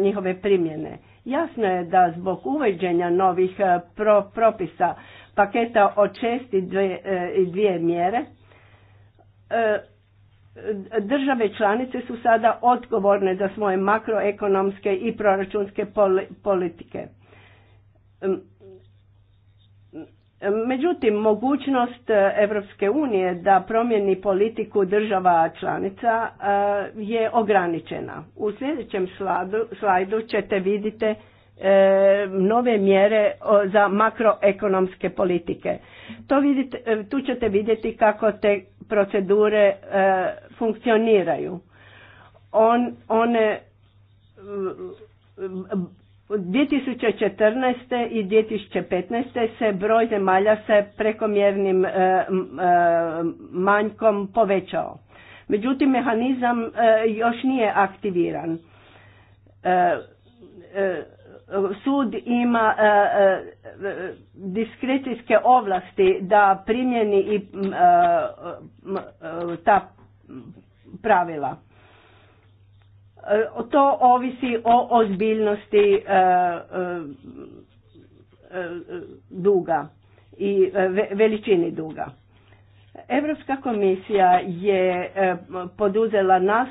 Speaker 4: njihove primjene. Jasno je da zbog uvođenja novih pro, propisa paketa od šest dvije mjere, države članice su sada odgovorne za svoje makroekonomske i proračunske politike. Međutim, mogućnost Europske unije da promjeni politiku država članica e, je ograničena. U sljedećem slajdu, ćete vidite e, nove mjere za makroekonomske politike. E, tu ćete vidjeti kako te procedure funkcioniraju. On, one 2014. i 2015. se broj zemalja sa prekomjernim e, e, manjkom povećao. Međutim, mehanizam e, još nije aktiviran. Sud ima diskrecijske ovlasti da primjeni i ta pravila. E, to ovisi o ozbiljnosti e, e, duga i veličini duga. Europska komisija je poduzela nas,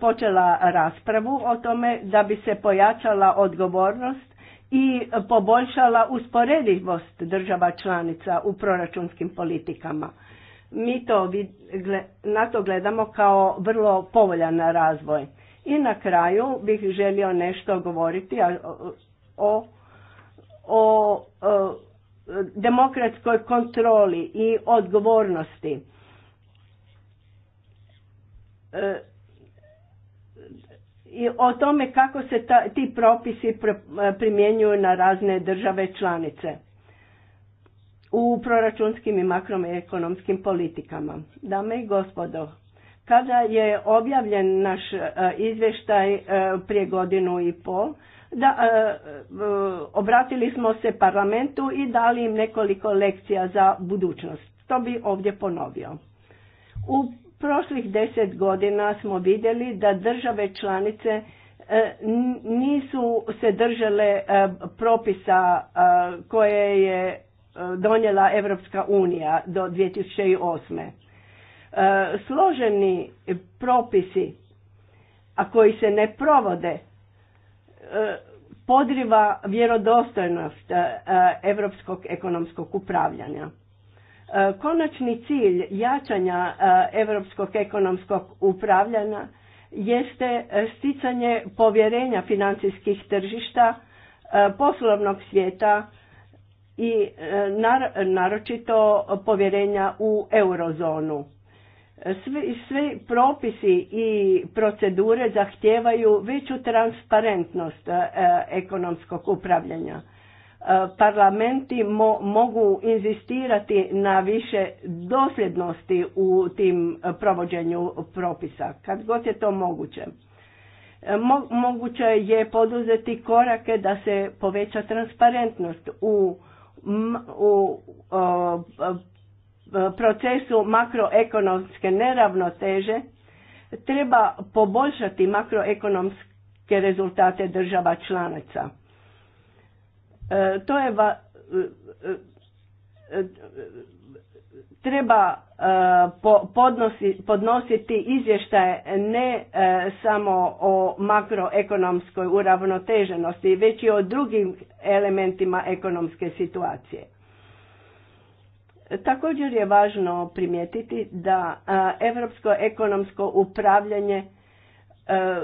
Speaker 4: počela raspravu o tome da bi se pojačala odgovornost i poboljšala usporedivost država članica u proračunskim politikama. Mi to na to gledamo kao vrlo povoljan razvoj. I na kraju bih želio nešto govoriti o, o, o demokratskoj kontroli i odgovornosti. E, i o tome kako se ta, ti propisi e, primjenjuju na razne države članice u proračunskim i makroekonomskim politikama. Dame i gospodo, kada je objavljen naš e, izvještaj e, prije godinu i pol, da, e, obratili smo se parlamentu i dali im nekoliko lekcija za budućnost. To bi ovdje ponovio. U prošlih deset godina smo vidjeli da države članice nisu se držale propisa koje je donijela Europska unija do 2008. E, složeni propisi, a koji se ne provode, e, podriva vjerodostojnost europskog ekonomskog upravljanja. E, konačni cilj jačanja europskog ekonomskog upravljanja jeste sticanje povjerenja financijskih tržišta, poslovnog svijeta i naročito povjerenja u eurozonu. Svi, svi propisi i procedure zahtijevaju veću transparentnost e, e, ekonomskog upravljanja. E, parlamenti mogu inzistirati na više dosljednosti u tim provođenju propisa, kad god je to moguće. moguće je poduzeti korake da se poveća transparentnost u, u procesu makroekonomske neravnoteže treba poboljšati makroekonomske rezultate država članica.
Speaker 1: E, to je e, e,
Speaker 4: treba podnositi izvještaje ne samo o makroekonomskoj uravnoteženosti, već i o drugim elementima ekonomske situacije. Također je važno primijetiti da europsko ekonomsko upravljanje e, e,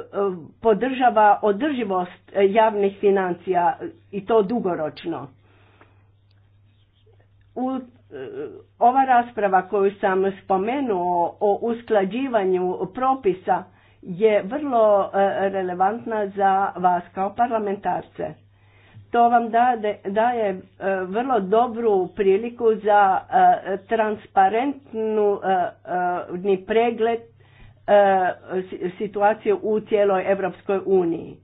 Speaker 4: podržava održivost javnih financija i to dugoročno. U e, ova rasprava koju sam spomenuo o usklađivanju propisa je vrlo relevantna za vas kao parlamentarce. To vam daje e, vrlo dobru priliku za e, transparentni e, pregled situacije u cijeloj Europskoj uniji.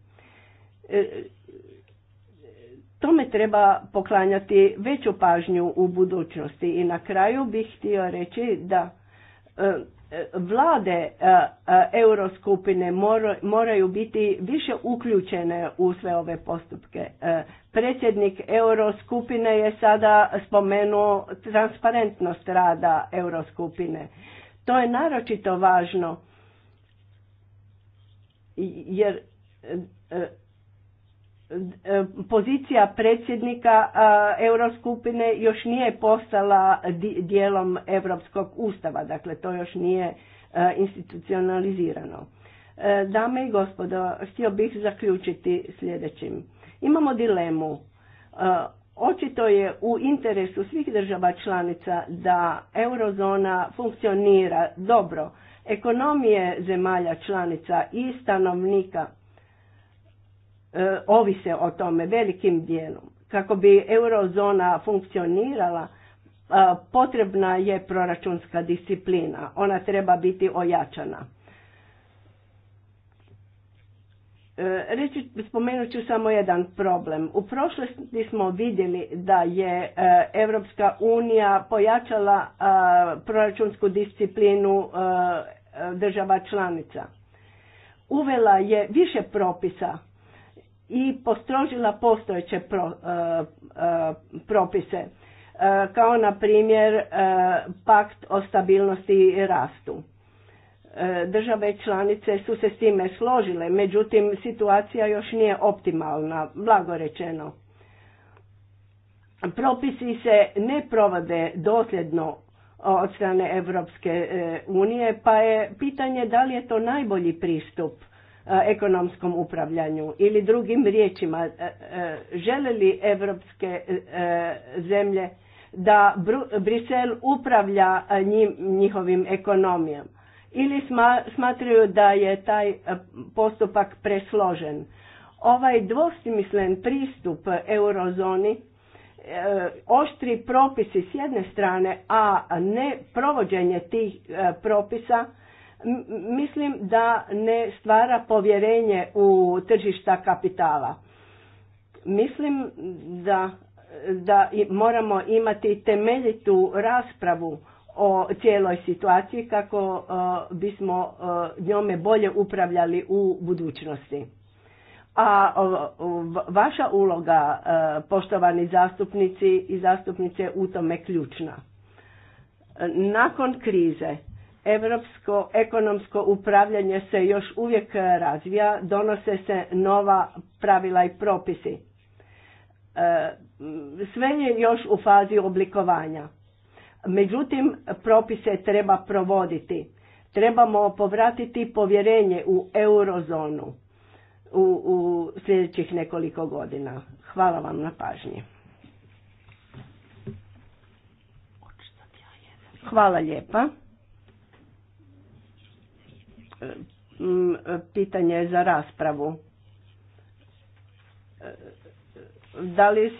Speaker 4: Tome treba poklanjati veću pažnju u budućnosti. I na kraju bih htio reći da E, vlade e, e, euroskupine moraju biti više uključene u sve ove postupke. Predsjednik euroskupine je sada spomenuo transparentnost rada euroskupine. To je naročito važno jer pozicija predsjednika Euroskupine još nije postala dijelom Europskog ustava, dakle to još nije e, institucionalizirano. E, dame i gospodo, htio bih zaključiti sljedećim. Imamo dilemu. E, očito je u interesu svih država članica da eurozona funkcionira dobro. Ekonomije zemalja članica i stanovnika E, ovise o tome velikim dijelom. Kako bi eurozona funkcionirala, e, potrebna je proračunska disciplina. Ona treba biti ojačana. E, spomenut ću samo jedan problem. U prošlosti smo vidjeli da je Europska unija pojačala proračunsku disciplinu država članica. Uvela je više propisa i postrožila postojeće e, e, propise e, kao na primjer pakt o stabilnosti i rastu. Države članice su se s time složile, međutim situacija još nije optimalna, blago rečeno. Propisi se ne provode dosljedno od strane Europske unije, pa je pitanje da li je to najbolji pristup E, ekonomskom upravljanju ili drugim riječima e, e, žele li evropske zemlje da Brisel upravlja njihovim ekonomijom ili smatraju da je taj postupak presložen. Ovaj dvosmislen pristup eurozoni oštri propisi s jedne strane, a ne provođenje tih propisa mislim da ne stvara povjerenje u tržišta kapitala. Mislim da, da moramo imati temeljitu raspravu o cijeloj situaciji kako e, bismo e, njome bolje upravljali u budućnosti. A vaša uloga, e, poštovani zastupnici i zastupnice, u tome ključna. Nakon krize Europsko ekonomsko upravljanje se još uvijek razvija, donose se nova pravila i propisi. E, sve je još u fazi oblikovanja. Međutim, propise treba provoditi. Trebamo povratiti povjerenje u eurozonu u, u sljedećih nekoliko godina. Hvala vam na pažnji. Hvala lijepa pitanje za raspravu. Da li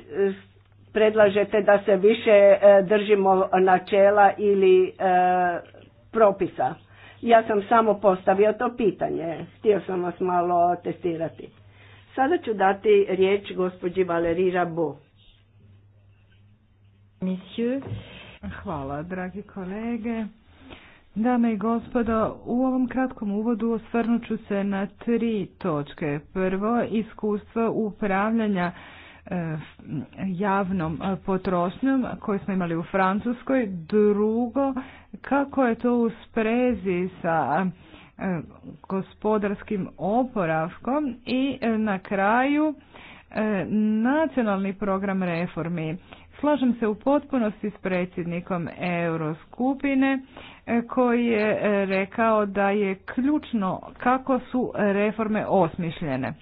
Speaker 4: predlažete da se više e, držimo načela ili e, propisa? Ja sam samo postavio to pitanje. Htio sam vas malo testirati. Sada ću dati riječ gospođi Valeriji Rabu.
Speaker 3: Hvala, dragi kolege. Dame i gospodo, u ovom kratkom uvodu osvrnut ću se na tri točke. Prvo, iskustvo upravljanja e, javnom e, potrošnjom koje smo imali u Francuskoj. Drugo, kako je to u sprezi sa e, gospodarskim oporavkom i na kraju nacionalni program reformi. Slažem se u potpunosti s predsjednikom Euroskupine e, koji je e, rekao da je ključno kako su reforme osmišljene.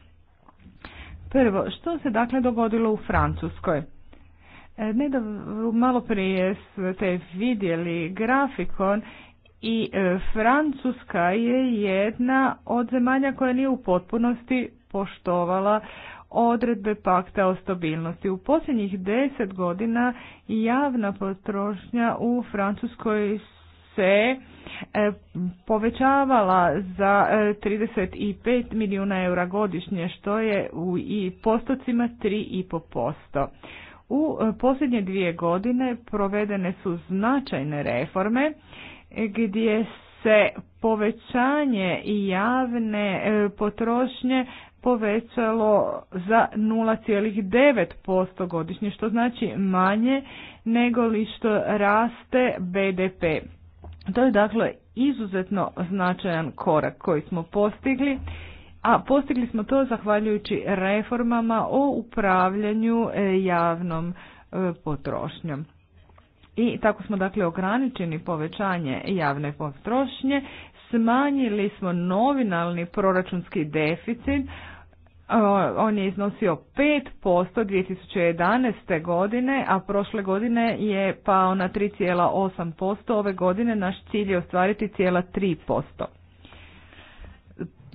Speaker 3: Prvo, što se dakle dogodilo u Francuskoj? E, ne malo prije ste vidjeli grafikon i Francuska je jedna od zemalja koja nije u potpunosti poštovala odredbe pakta o stabilnosti. U posljednjih deset godina javna potrošnja u Francuskoj se e, povećavala za 35 e, milijuna eura godišnje, što je u i postocima 3,5%. U e, posljednje dvije godine provedene su značajne reforme gdje se povećanje javne potrošnje povećalo za 0,9% godišnje, što znači manje nego li što raste BDP. To je dakle izuzetno značajan korak koji smo postigli, a postigli smo to zahvaljujući reformama o upravljanju e, javnom e, potrošnjom i tako smo dakle ograničeni povećanje javne potrošnje, smanjili smo nominalni proračunski deficit, on je iznosio 5% 2011. godine, a prošle godine je pao na 3,8%, ove godine naš cilj je ostvariti cijela 3%.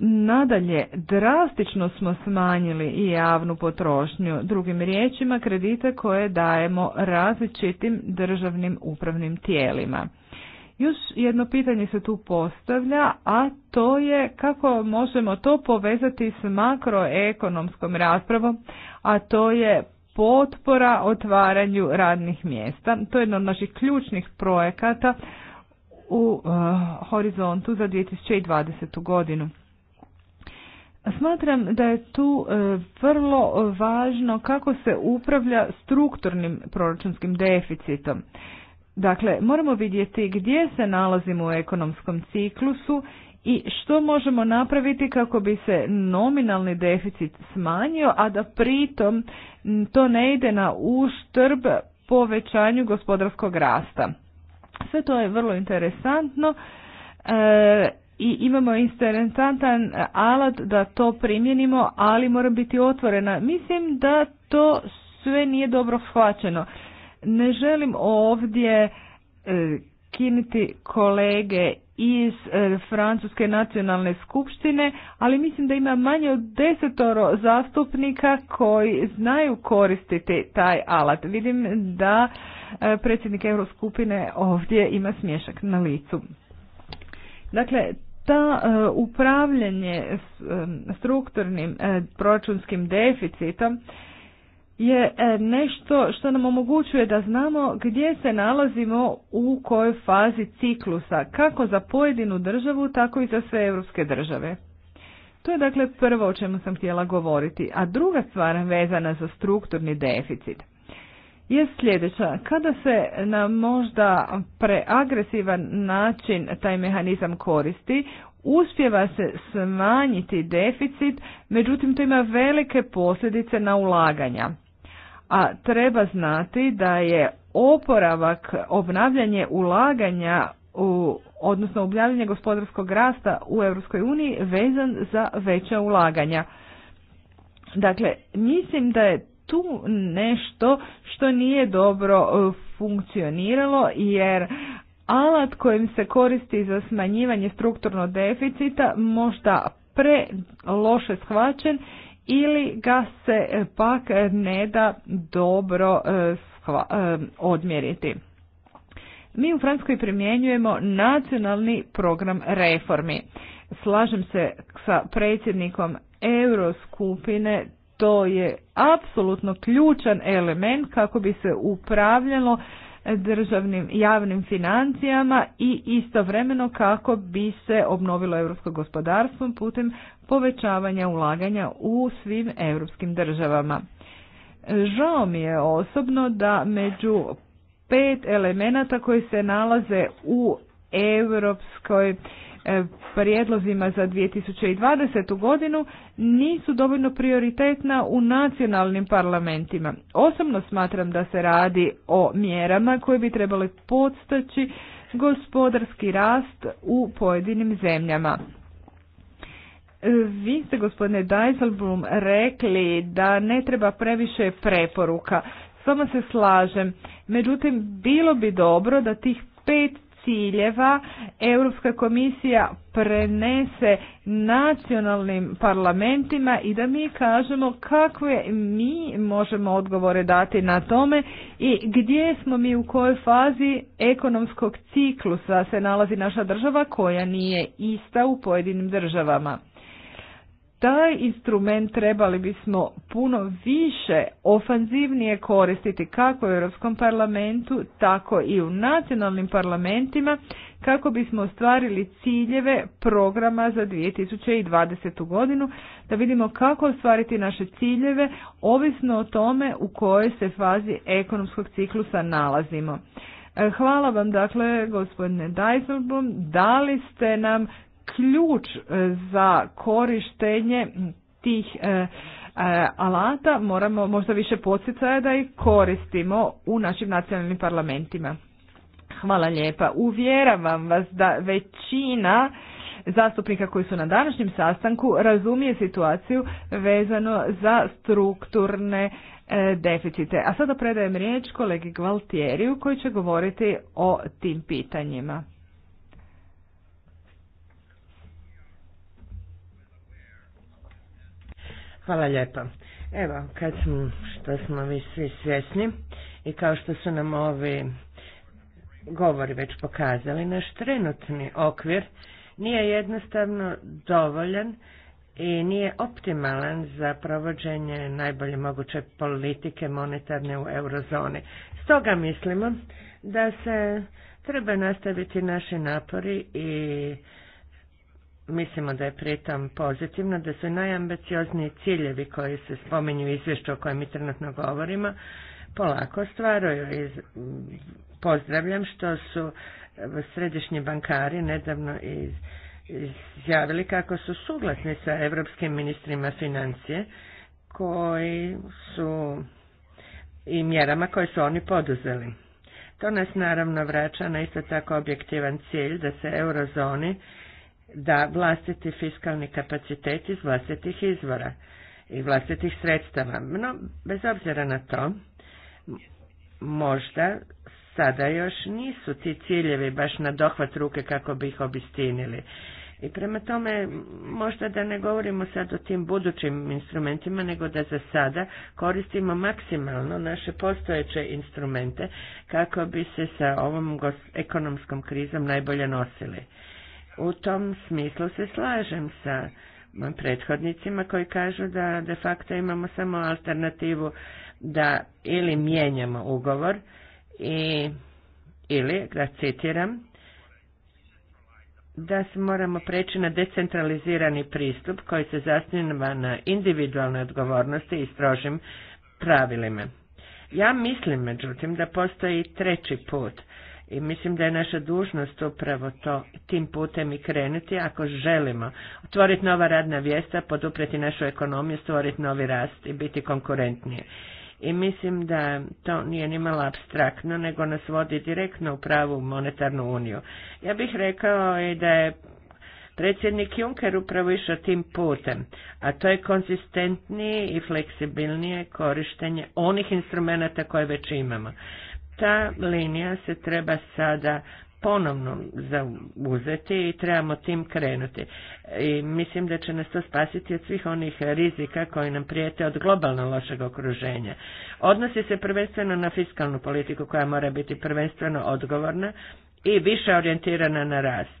Speaker 3: Nadalje, drastično smo smanjili i javnu potrošnju, drugim riječima kredite koje dajemo različitim državnim upravnim tijelima. Još jedno pitanje se tu postavlja, a to je kako možemo to povezati s makroekonomskom raspravom, a to je potpora otvaranju radnih mjesta. To je jedno od naših ključnih projekata u eh, horizontu za 2020. godinu. Smatram da je tu e, vrlo važno kako se upravlja strukturnim proračunskim deficitom. Dakle, moramo vidjeti gdje se nalazimo u ekonomskom ciklusu i što možemo napraviti kako bi se nominalni deficit smanjio, a da pritom to ne ide na uštrb povećanju gospodarskog rasta. Sve to je vrlo interesantno. E, i imamo interesantan alat da to primjenimo, ali mora biti otvorena. Mislim da to sve nije dobro shvaćeno. Ne želim ovdje e, kiniti kolege iz e, Francuske nacionalne skupštine, ali mislim da ima manje od desetoro zastupnika koji znaju koristiti taj alat. Vidim da e, predsjednik Euroskupine ovdje ima smješak na licu. Dakle, da e, upravljanje e, strukturnim e, proračunskim deficitom je nešto što nam omogućuje da znamo gdje se nalazimo u kojoj fazi ciklusa, kako za pojedinu državu, tako i za sve europske države. To je dakle prvo o čemu sam htjela govoriti, a druga stvar vezana za strukturni deficit je sljedeća. Kada se na možda preagresivan način taj mehanizam koristi, uspjeva se smanjiti deficit, međutim to ima velike posljedice na ulaganja. A treba znati da je oporavak, obnavljanje ulaganja u, odnosno obnavljanje gospodarskog rasta u EU vezan za veća ulaganja. Dakle, mislim da je tu nešto što nije dobro e, funkcioniralo jer alat kojim se koristi za smanjivanje strukturnog deficita možda pre loše shvaćen ili ga se e, pak ne da dobro e, odmjeriti. Mi u Francuskoj primjenjujemo nacionalni program reformi. Slažem se sa predsjednikom Euroskupine to je apsolutno ključan element kako bi se upravljalo državnim javnim financijama i istovremeno kako bi se obnovilo europsko gospodarstvo putem povećavanja ulaganja u svim europskim državama. Žao mi je osobno da među pet elemenata koji se nalaze u europskoj eh, prijedlozima za 2020. godinu nisu dovoljno prioritetna u nacionalnim parlamentima. Osobno smatram da se radi o mjerama koje bi trebale podstaći gospodarski rast u pojedinim zemljama. Vi ste, gospodine Dijsselblum, rekli da ne treba previše preporuka. S vama se slažem. Međutim, bilo bi dobro da tih pet ciljeva Europska komisija prenese nacionalnim parlamentima i da mi kažemo kakve mi možemo odgovore dati na tome i gdje smo mi u kojoj fazi ekonomskog ciklusa se nalazi naša država koja nije ista u pojedinim državama taj instrument trebali bismo puno više ofanzivnije koristiti kako u Europskom parlamentu, tako i u nacionalnim parlamentima kako bismo ostvarili ciljeve programa za 2020. godinu, da vidimo kako ostvariti naše ciljeve ovisno o tome u kojoj se fazi ekonomskog ciklusa nalazimo. E, hvala vam dakle gospodine da dali ste nam ključ e, za korištenje tih e, e, alata moramo možda više podsjecaja da ih koristimo u našim nacionalnim parlamentima. Hvala lijepa. Uvjeravam vas da većina zastupnika koji su na današnjem sastanku razumije situaciju vezano za strukturne deficite. A sada predajem riječ kolegi Gvaltjeriju koji će govoriti o tim pitanjima.
Speaker 2: Hvala lijepo. Evo, kad smo, što smo vi svi svjesni i kao što su nam ovi govori već pokazali, naš trenutni okvir nije jednostavno dovoljan i nije optimalan za provođenje najbolje moguće politike monetarne u eurozoni. Stoga mislimo da se treba nastaviti naši napori i Mislimo da je pritom pozitivno da su najambiciozniji ciljevi koji se spominju u izvješću o kojem mi trenutno govorimo polako stvaraju. Pozdravljam što su središnji bankari nedavno izjavili kako su suglasni sa europskim ministrima financije koji su i mjerama koje su oni poduzeli. To nas naravno vraća na isto tako objektivan cilj da se eurozoni da vlastiti fiskalni kapacitet iz vlastitih izvora i vlastitih sredstava. No, bez obzira na to, možda sada još nisu ti ciljevi baš na dohvat ruke kako bi ih obistinili. I prema tome, možda da ne govorimo sad o tim budućim instrumentima, nego da za sada koristimo maksimalno naše postojeće instrumente kako bi se sa ovom ekonomskom krizom najbolje nosili. U tom smislu se slažem sa prethodnicima koji kažu da de facto imamo samo alternativu da ili mijenjamo ugovor i, ili, da citiram, da moramo preći na decentralizirani pristup koji se zasniva na individualnoj odgovornosti i strožim pravilima. Ja mislim, međutim, da postoji treći put, i mislim da je naša dužnost upravo to, tim putem i krenuti ako želimo otvoriti nova radna mjesta, podupreti našu ekonomiju, stvoriti novi rast i biti konkurentnije. I mislim da to nije ni malo abstraktno, nego nas vodi direktno u pravu monetarnu uniju. Ja bih rekao i da je predsjednik Juncker upravo išao tim putem, a to je konzistentnije i fleksibilnije korištenje onih instrumenta koje već imamo. Ta linija se treba sada ponovno zauzeti i trebamo tim krenuti. I mislim da će nas to spasiti od svih onih rizika koji nam prijete od globalno lošeg okruženja. Odnosi se prvenstveno na fiskalnu politiku koja mora biti prvenstveno odgovorna i više orijentirana na rast.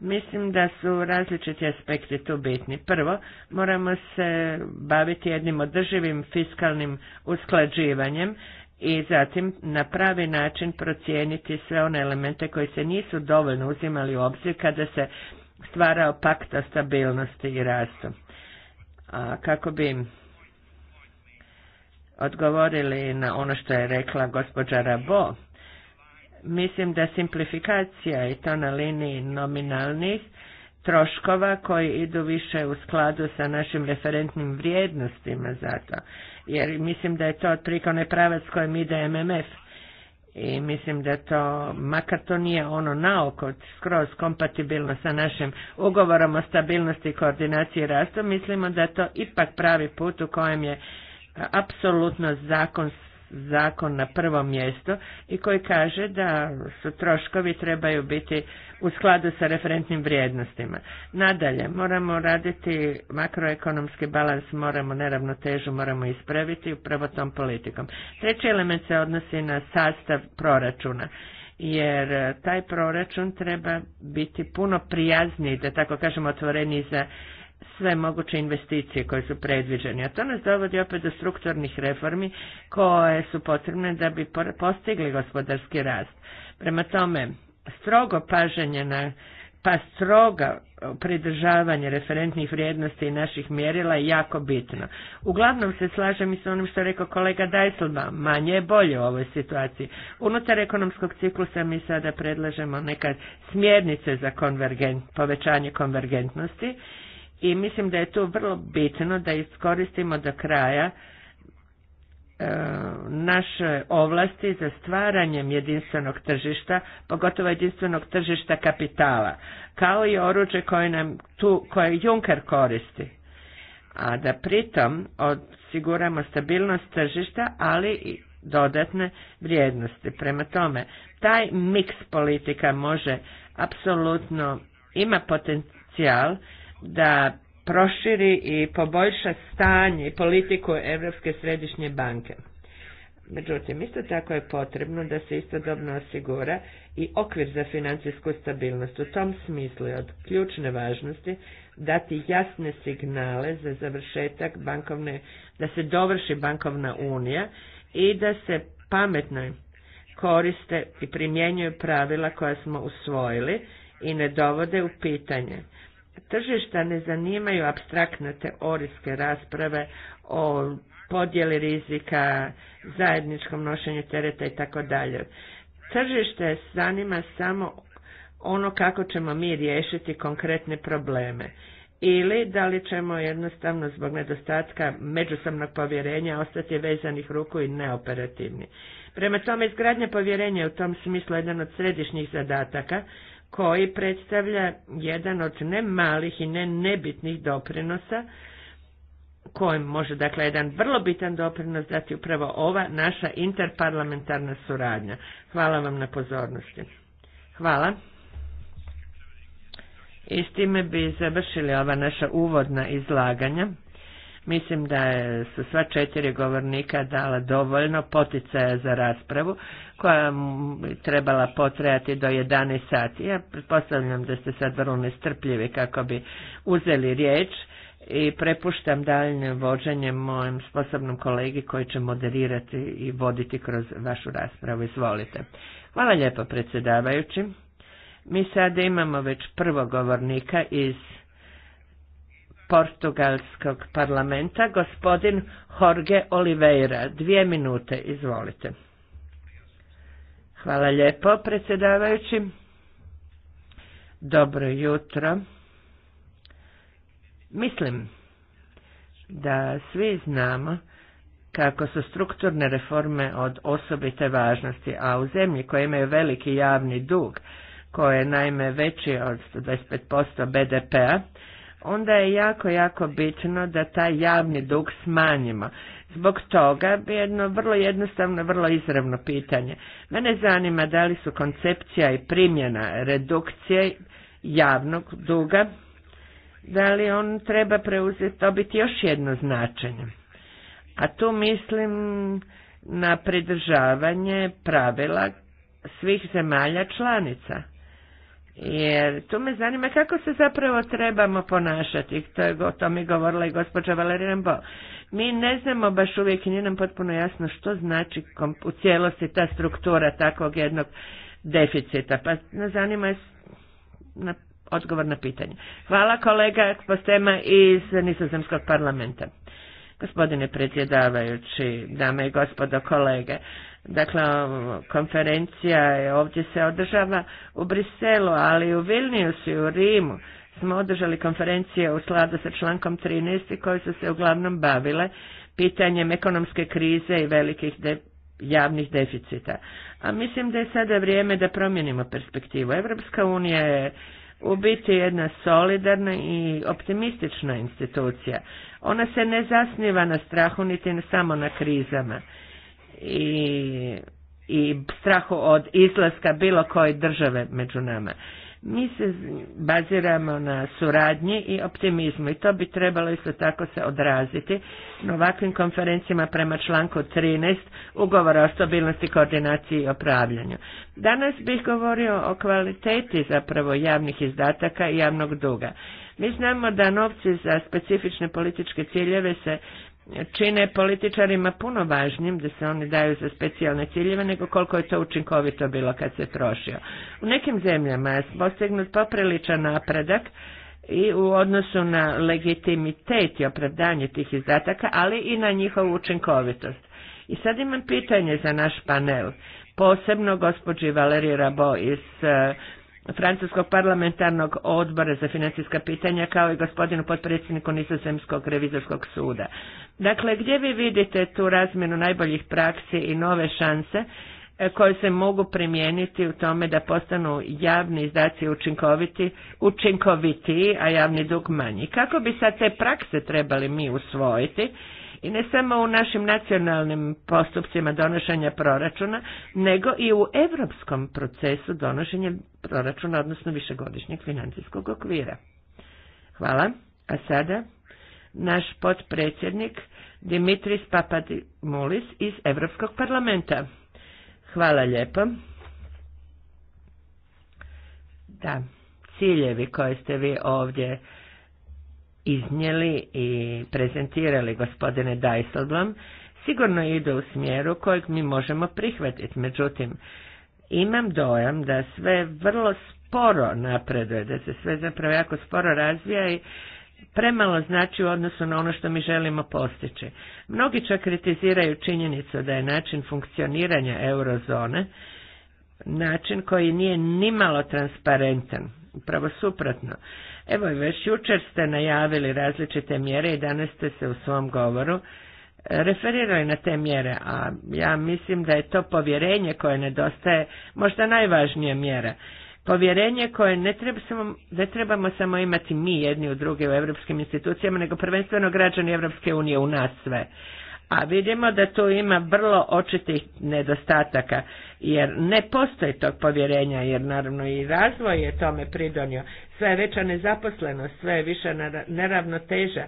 Speaker 2: Mislim da su različiti aspekti tu bitni. Prvo, moramo se baviti jednim održivim fiskalnim usklađivanjem i zatim na pravi način procijeniti sve one elemente koji se nisu dovoljno uzimali u obzir kada se stvarao pakta stabilnosti i rastu. A kako bi odgovorili na ono što je rekla gospođa Rabo, mislim da simplifikacija i to na liniji nominalnih troškova koji idu više u skladu sa našim referentnim vrijednostima za to jer mislim da je to otprilike onaj pravac kojem ide MMF i mislim da to, makar to nije ono naoko skroz kompatibilno sa našim ugovorom o stabilnosti i koordinaciji rasta, mislimo da je to ipak pravi put u kojem je apsolutno zakon zakon na prvo mjesto i koji kaže da su troškovi trebaju biti u skladu sa referentnim vrijednostima. Nadalje, moramo raditi makroekonomski balans, moramo neravnotežu, moramo ispraviti upravo tom politikom. Treći element se odnosi na sastav proračuna jer taj proračun treba biti puno prijazniji, da tako kažemo, otvoreniji za sve moguće investicije koje su predviđene. A to nas dovodi opet do strukturnih reformi koje su potrebne da bi postigli gospodarski rast. Prema tome, strogo paženje na pa stroga pridržavanje referentnih vrijednosti i naših mjerila je jako bitno. Uglavnom se slažem i sa onim što je rekao kolega Dajselba, manje je bolje u ovoj situaciji. Unutar ekonomskog ciklusa mi sada predlažemo neka smjernice za konvergent, povećanje konvergentnosti i mislim da je tu vrlo bitno da iskoristimo do kraja e, naše ovlasti za stvaranjem jedinstvenog tržišta, pogotovo jedinstvenog tržišta kapitala, kao i oruđe koje nam tu, koje Juncker koristi. A da pritom osiguramo stabilnost tržišta, ali i dodatne vrijednosti. Prema tome, taj miks politika može apsolutno, ima potencijal da proširi i poboljša stanje i politiku Europske središnje banke. Međutim, isto tako je potrebno da se istodobno osigura i okvir za financijsku stabilnost. U tom smislu je od ključne važnosti dati jasne signale za završetak bankovne, da se dovrši bankovna unija i da se pametno koriste i primjenjuju pravila koja smo usvojili i ne dovode u pitanje tržišta ne zanimaju abstraktne teorijske rasprave o podjeli rizika, zajedničkom nošenju tereta i tako dalje. Tržište zanima samo ono kako ćemo mi riješiti konkretne probleme ili da li ćemo jednostavno zbog nedostatka međusobnog povjerenja ostati vezanih ruku i neoperativni. Prema tome, izgradnja povjerenja je u tom smislu jedan od središnjih zadataka koji predstavlja jedan od ne malih i ne nebitnih doprinosa koji može dakle jedan vrlo bitan doprinos dati upravo ova naša interparlamentarna suradnja. Hvala vam na pozornosti. Hvala. I s time bi završili ova naša uvodna izlaganja. Mislim da je su sva četiri govornika dala dovoljno poticaja za raspravu koja je trebala potrajati do 11 sati. Ja pretpostavljam da ste sad vrlo nestrpljivi kako bi uzeli riječ i prepuštam daljnje vođenje mojem sposobnom kolegi koji će moderirati i voditi kroz vašu raspravu. Izvolite. Hvala lijepo predsjedavajući. Mi sada imamo već prvog govornika iz portugalskog parlamenta, gospodin Jorge Oliveira. Dvije minute, izvolite. Hvala lijepo, predsjedavajući. Dobro jutro. Mislim da svi znamo kako su strukturne reforme od osobite važnosti, a u zemlji koje imaju veliki javni dug, koje je naime veći od 25% BDP-a, onda je jako, jako bitno da taj javni dug smanjimo. Zbog toga bi jedno vrlo jednostavno, vrlo izravno pitanje. Mene zanima da li su koncepcija i primjena redukcije javnog duga, da li on treba preuzeti, biti još jedno značenje. A tu mislim na pridržavanje pravila svih zemalja članica. Jer tu me zanima kako se zapravo trebamo ponašati, to je o tome govorila i gospođa Valerina Bo. Mi ne znamo baš uvijek i nije nam potpuno jasno što znači u cijelosti ta struktura takvog jednog deficita, pa nas zanima na odgovor na pitanje. Hvala kolega Postema iz Nizozemskog parlamenta. Gospodine predsjedavajući, dame i gospodo kolege, Dakle, konferencija je ovdje se održava u Briselu, ali u Vilniusu i u Rimu smo održali konferencije u skladu sa člankom 13. koje su se uglavnom bavile pitanjem ekonomske krize i velikih javnih deficita. A mislim da je sada vrijeme da promijenimo perspektivu. Evropska unija je u biti jedna solidarna i optimistična institucija. Ona se ne zasniva na strahu niti samo na krizama i, i strahu od izlaska bilo koje države među nama. Mi se baziramo na suradnji i optimizmu i to bi trebalo isto tako se odraziti na ovakvim konferencijama prema članku 13 ugovora o stabilnosti, koordinaciji i opravljanju. Danas bih govorio o kvaliteti zapravo javnih izdataka i javnog duga. Mi znamo da novci za specifične političke ciljeve se čine političarima puno važnijim da se oni daju za specijalne ciljeve nego koliko je to učinkovito bilo kad se trošio. U nekim zemljama je postignut popriličan napredak i u odnosu na legitimitet i opravdanje tih izdataka, ali i na njihovu učinkovitost. I sad imam pitanje za naš panel, posebno gospođi Valeri Rabo iz eh, Francuskog parlamentarnog odbora za financijska pitanja kao i gospodinu potpredsjedniku Nizozemskog revizorskog suda. Dakle, gdje vi vidite tu razmjenu najboljih praksi i nove šanse e, koje se mogu primijeniti u tome da postanu javni izdaci učinkoviti, učinkovitiji, a javni dug manji. Kako bi sad te prakse trebali mi usvojiti i ne samo u našim nacionalnim postupcima donošenja proračuna, nego i u europskom procesu donošenja proračuna, odnosno višegodišnjeg financijskog okvira. Hvala. A sada naš potpredsjednik Dimitris Papadimulis iz Europskog parlamenta. Hvala lijepo. Da, ciljevi koje ste vi ovdje iznijeli i prezentirali gospodine Dijsselblom sigurno ide u smjeru kojeg mi možemo prihvatiti. Međutim, imam dojam da sve vrlo sporo napreduje, da se sve zapravo jako sporo razvija i premalo znači u odnosu na ono što mi želimo postići. Mnogi čak kritiziraju činjenicu da je način funkcioniranja eurozone način koji nije nimalo transparentan, upravo suprotno. Evo i već jučer ste najavili različite mjere i danas ste se u svom govoru e, referirali na te mjere, a ja mislim da je to povjerenje koje nedostaje možda najvažnija mjera. Povjerenje koje ne trebamo, trebamo samo imati mi jedni u druge u europskim institucijama, nego prvenstveno građani Europske unije u nas sve a vidimo da tu ima vrlo očitih nedostataka, jer ne postoji tog povjerenja, jer naravno i razvoj je tome pridonio. Sve je veća nezaposlenost, sve je više neravnoteža,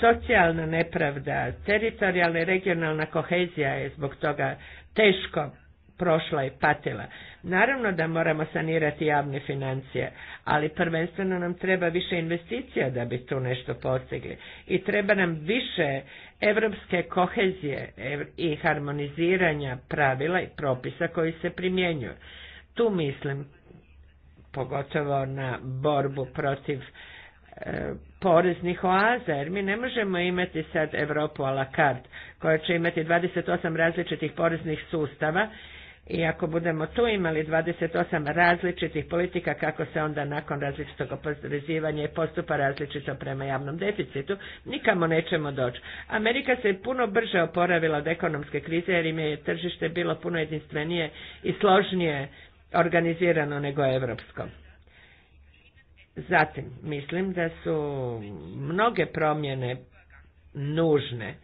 Speaker 2: socijalna nepravda, teritorijalna i regionalna kohezija je zbog toga teško prošla i patila. Naravno da moramo sanirati javne financije, ali prvenstveno nam treba više investicija da bi tu nešto postigli. I treba nam više evropske kohezije i harmoniziranja pravila i propisa koji se primjenjuju. Tu mislim pogotovo na borbu protiv e, poreznih oaza, jer mi ne možemo imati sad Europu a la carte, koja će imati 28 različitih poreznih sustava i ako budemo tu imali 28 različitih politika kako se onda nakon različitog oporezivanja i postupa različito prema javnom deficitu, nikamo nećemo doći. Amerika se puno brže oporavila od ekonomske krize jer im je tržište bilo puno jedinstvenije i složnije organizirano nego evropsko. Zatim, mislim da su mnoge promjene nužne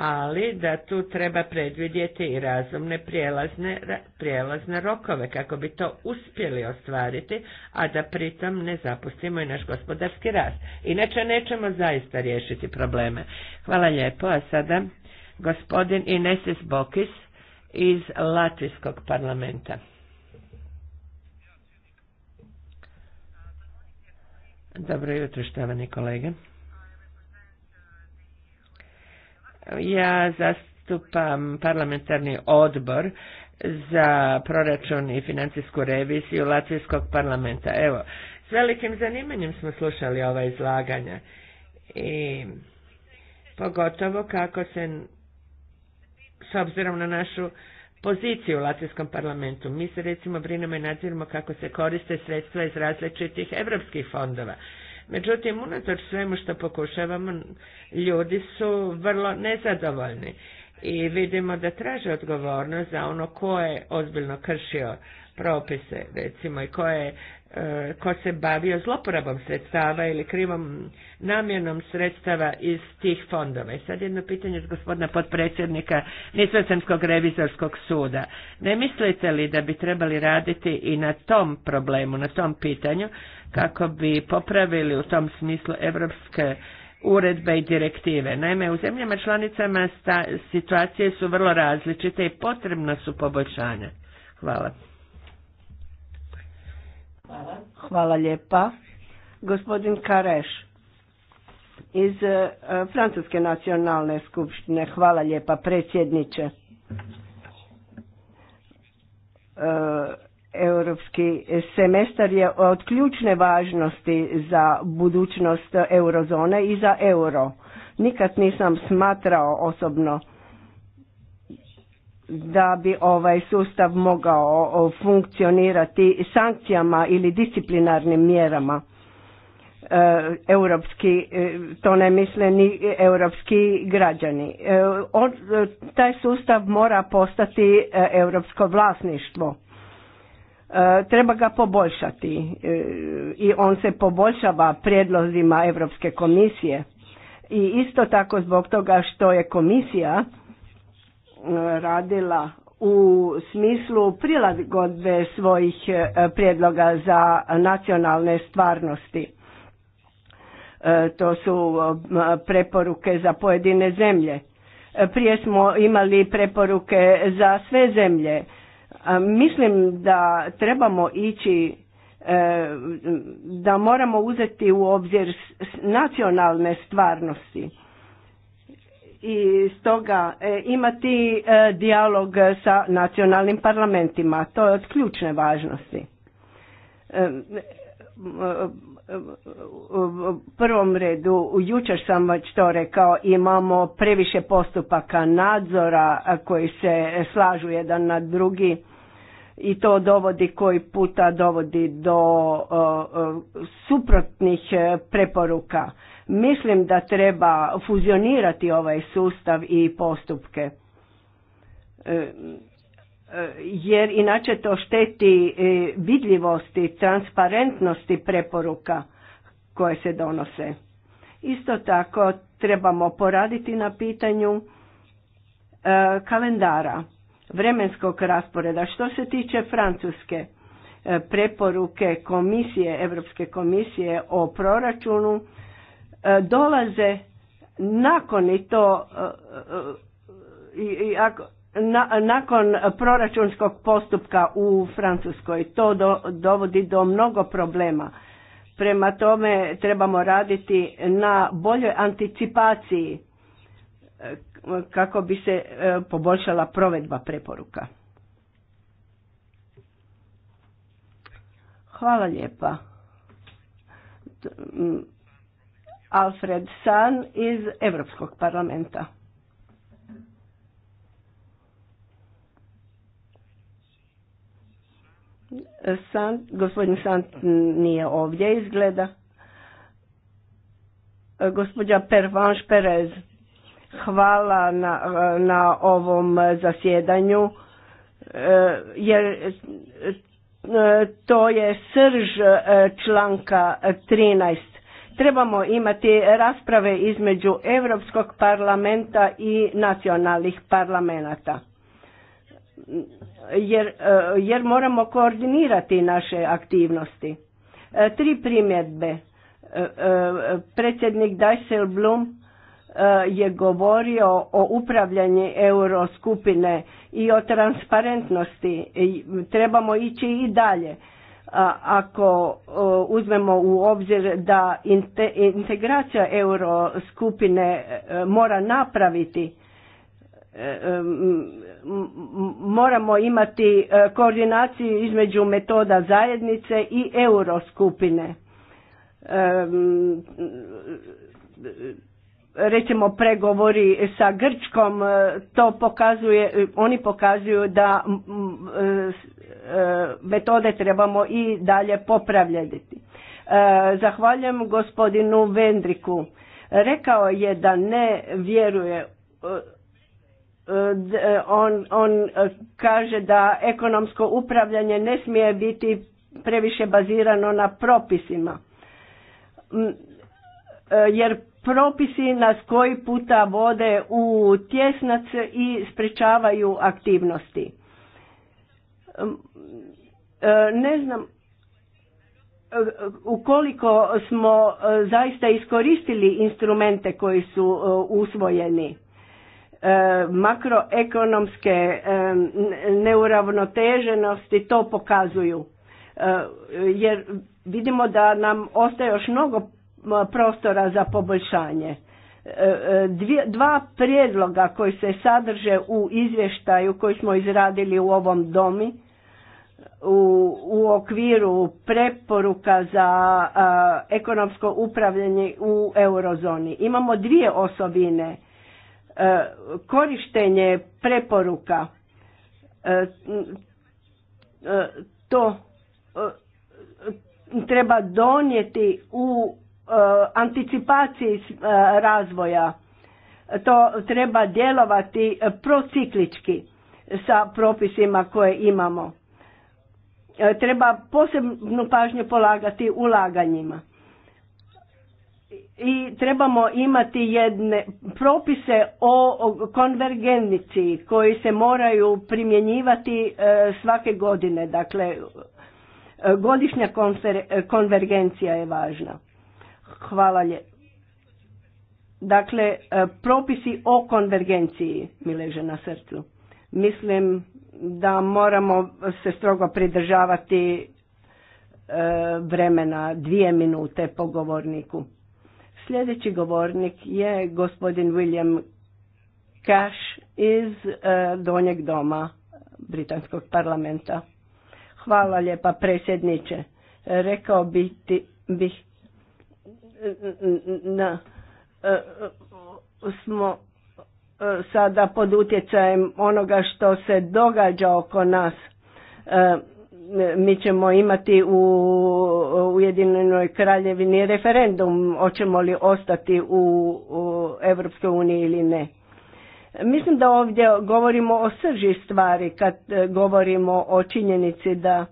Speaker 2: ali da tu treba predvidjeti i razumne prijelazne, prijelazne rokove kako bi to uspjeli ostvariti, a da pritom ne zapustimo i naš gospodarski rast. Inače nećemo zaista riješiti probleme. Hvala lijepo, a sada gospodin Inesis Bokis iz Latvijskog parlamenta. Dobro jutro, štovani kolege. Ja zastupam parlamentarni odbor za proračun i financijsku reviziju Latvijskog parlamenta. Evo, s velikim zanimanjem smo slušali ova izlaganja i pogotovo kako se s obzirom na našu poziciju u Latvijskom parlamentu. Mi se recimo brinemo i nadziramo kako se koriste sredstva iz različitih evropskih fondova. Međutim, unatoč svemu što pokušavamo, ljudi su vrlo nezadovoljni i vidimo da traže odgovornost za ono ko je ozbiljno kršio propise, recimo, i ko, je, e, ko se bavio zloporabom sredstava ili krivom namjenom sredstava iz tih fondova. I sad jedno pitanje s gospodina potpredsjednika Nisvecenskog revizorskog suda. Ne mislite li da bi trebali raditi i na tom problemu, na tom pitanju, kako bi popravili u tom smislu evropske uredbe i direktive. Naime, u zemljama članicama sta, situacije su vrlo različite i potrebna su poboljšanja. Hvala. Hvala. lijepa.
Speaker 4: Gospodin Kareš iz e, Francuske nacionalne skupštine. Hvala lijepa predsjedniče. E, Europski semestar je od ključne važnosti za budućnost eurozone i za euro. Nikad nisam smatrao osobno da bi ovaj sustav mogao funkcionirati sankcijama ili disciplinarnim mjerama. E, europski, e, to ne misle ni europski građani. E, taj sustav mora postati europsko vlasništvo E, treba ga poboljšati e, i on se poboljšava prijedlozima Europske komisije i isto tako zbog toga što je komisija e, radila u smislu prilagodbe svojih prijedloga za nacionalne stvarnosti. To su preporuke za pojedine zemlje. Prije smo imali preporuke za sve zemlje Mislim da trebamo ići, e, da moramo uzeti u obzir nacionalne stvarnosti i stoga e, imati e, dijalog sa nacionalnim parlamentima. To je od ključne važnosti u prvom redu, jučer sam već to rekao, imamo previše postupaka nadzora koji se slažu jedan na drugi i to dovodi koji puta dovodi do suprotnih e, preporuka. Mislim da treba fuzionirati ovaj sustav i postupke e, jer inače to šteti e, vidljivosti, transparentnosti preporuka koje se donose. Isto tako trebamo poraditi na pitanju e, kalendara, vremenskog rasporeda. Što se tiče Francuske, e, preporuke komisije, Europske komisije o proračunu dolaze nakon i to na, nakon proračunskog postupka u Francuskoj to dovodi do mnogo problema. Prema tome trebamo raditi na boljoj anticipaciji e, kako bi se e, poboljšala provedba preporuka. Hvala lijepa. Alfred San iz Europskog parlamenta. gospodin Sant nije ovdje izgleda. Gospođa Pervanš Perez, hvala na, ovom zasjedanju e, jer e, to je srž e, članka 13. Trebamo imati rasprave između Europskog parlamenta i nacionalnih parlamenta jer, e, jer moramo koordinirati naše aktivnosti. E, tri primjedbe. E, predsjednik Blum je govorio o upravljanju euroskupine i o transparentnosti. Trebamo ići i dalje. Ako uzmemo u obzir da integracija euroskupine mora napraviti E, moramo imati e, koordinaciju između metoda zajednice i euroskupine. Recimo pregovori sa Grčkom, e, to pokazuje, oni pokazuju da metode trebamo i dalje popravljati. Zahvaljujem gospodinu Vendriku. Rekao je da ne vjeruje E, on, on e, kaže da ekonomsko upravljanje ne smije biti previše bazirano na propisima. E, jer propisi nas koji puta vode u tjesnac i sprečavaju aktivnosti. Ne znam ukoliko smo zaista iskoristili instrumente koji su usvojeni E, makroekonomske e, neuravnoteženosti to pokazuju. E, jer vidimo da nam ostaje još mnogo prostora za poboljšanje. Dva prijedloga koji se sadrže u izvještaju koji smo izradili u ovom domi u, okviru preporuka za ekonomsko upravljanje u eurozoni. Imamo dvije osobine E, korištenje preporuka e, e, to treba donijeti u anticipaciji razvoja to treba djelovati prociklički sa propisima koje imamo treba posebnu pažnju polagati ulaganjima i trebamo imati jedne propise o konvergenciji koji se moraju primjenjivati e, svake godine. Dakle, e, godišnja e, konvergencija je važna. Hvala lje. Dakle, propisi o konvergenciji mi leže na srcu. Mislim da moramo se strogo pridržavati vremena dvije minute po govorniku. Sljedeći govornik je gospodin William Cash iz e, Donjeg doma Britanskog parlamenta. Hvala lijepa predsjedniče. Rekao bih bi, na,
Speaker 1: e, smo
Speaker 4: e, sada pod utjecajem onoga što se događa oko nas mi ćemo imati u Ujedinjenoj kraljevini referendum, hoćemo li ostati u, u Europskoj uniji ili ne. Mislim da ovdje govorimo o srži stvari kad e, govorimo o činjenici da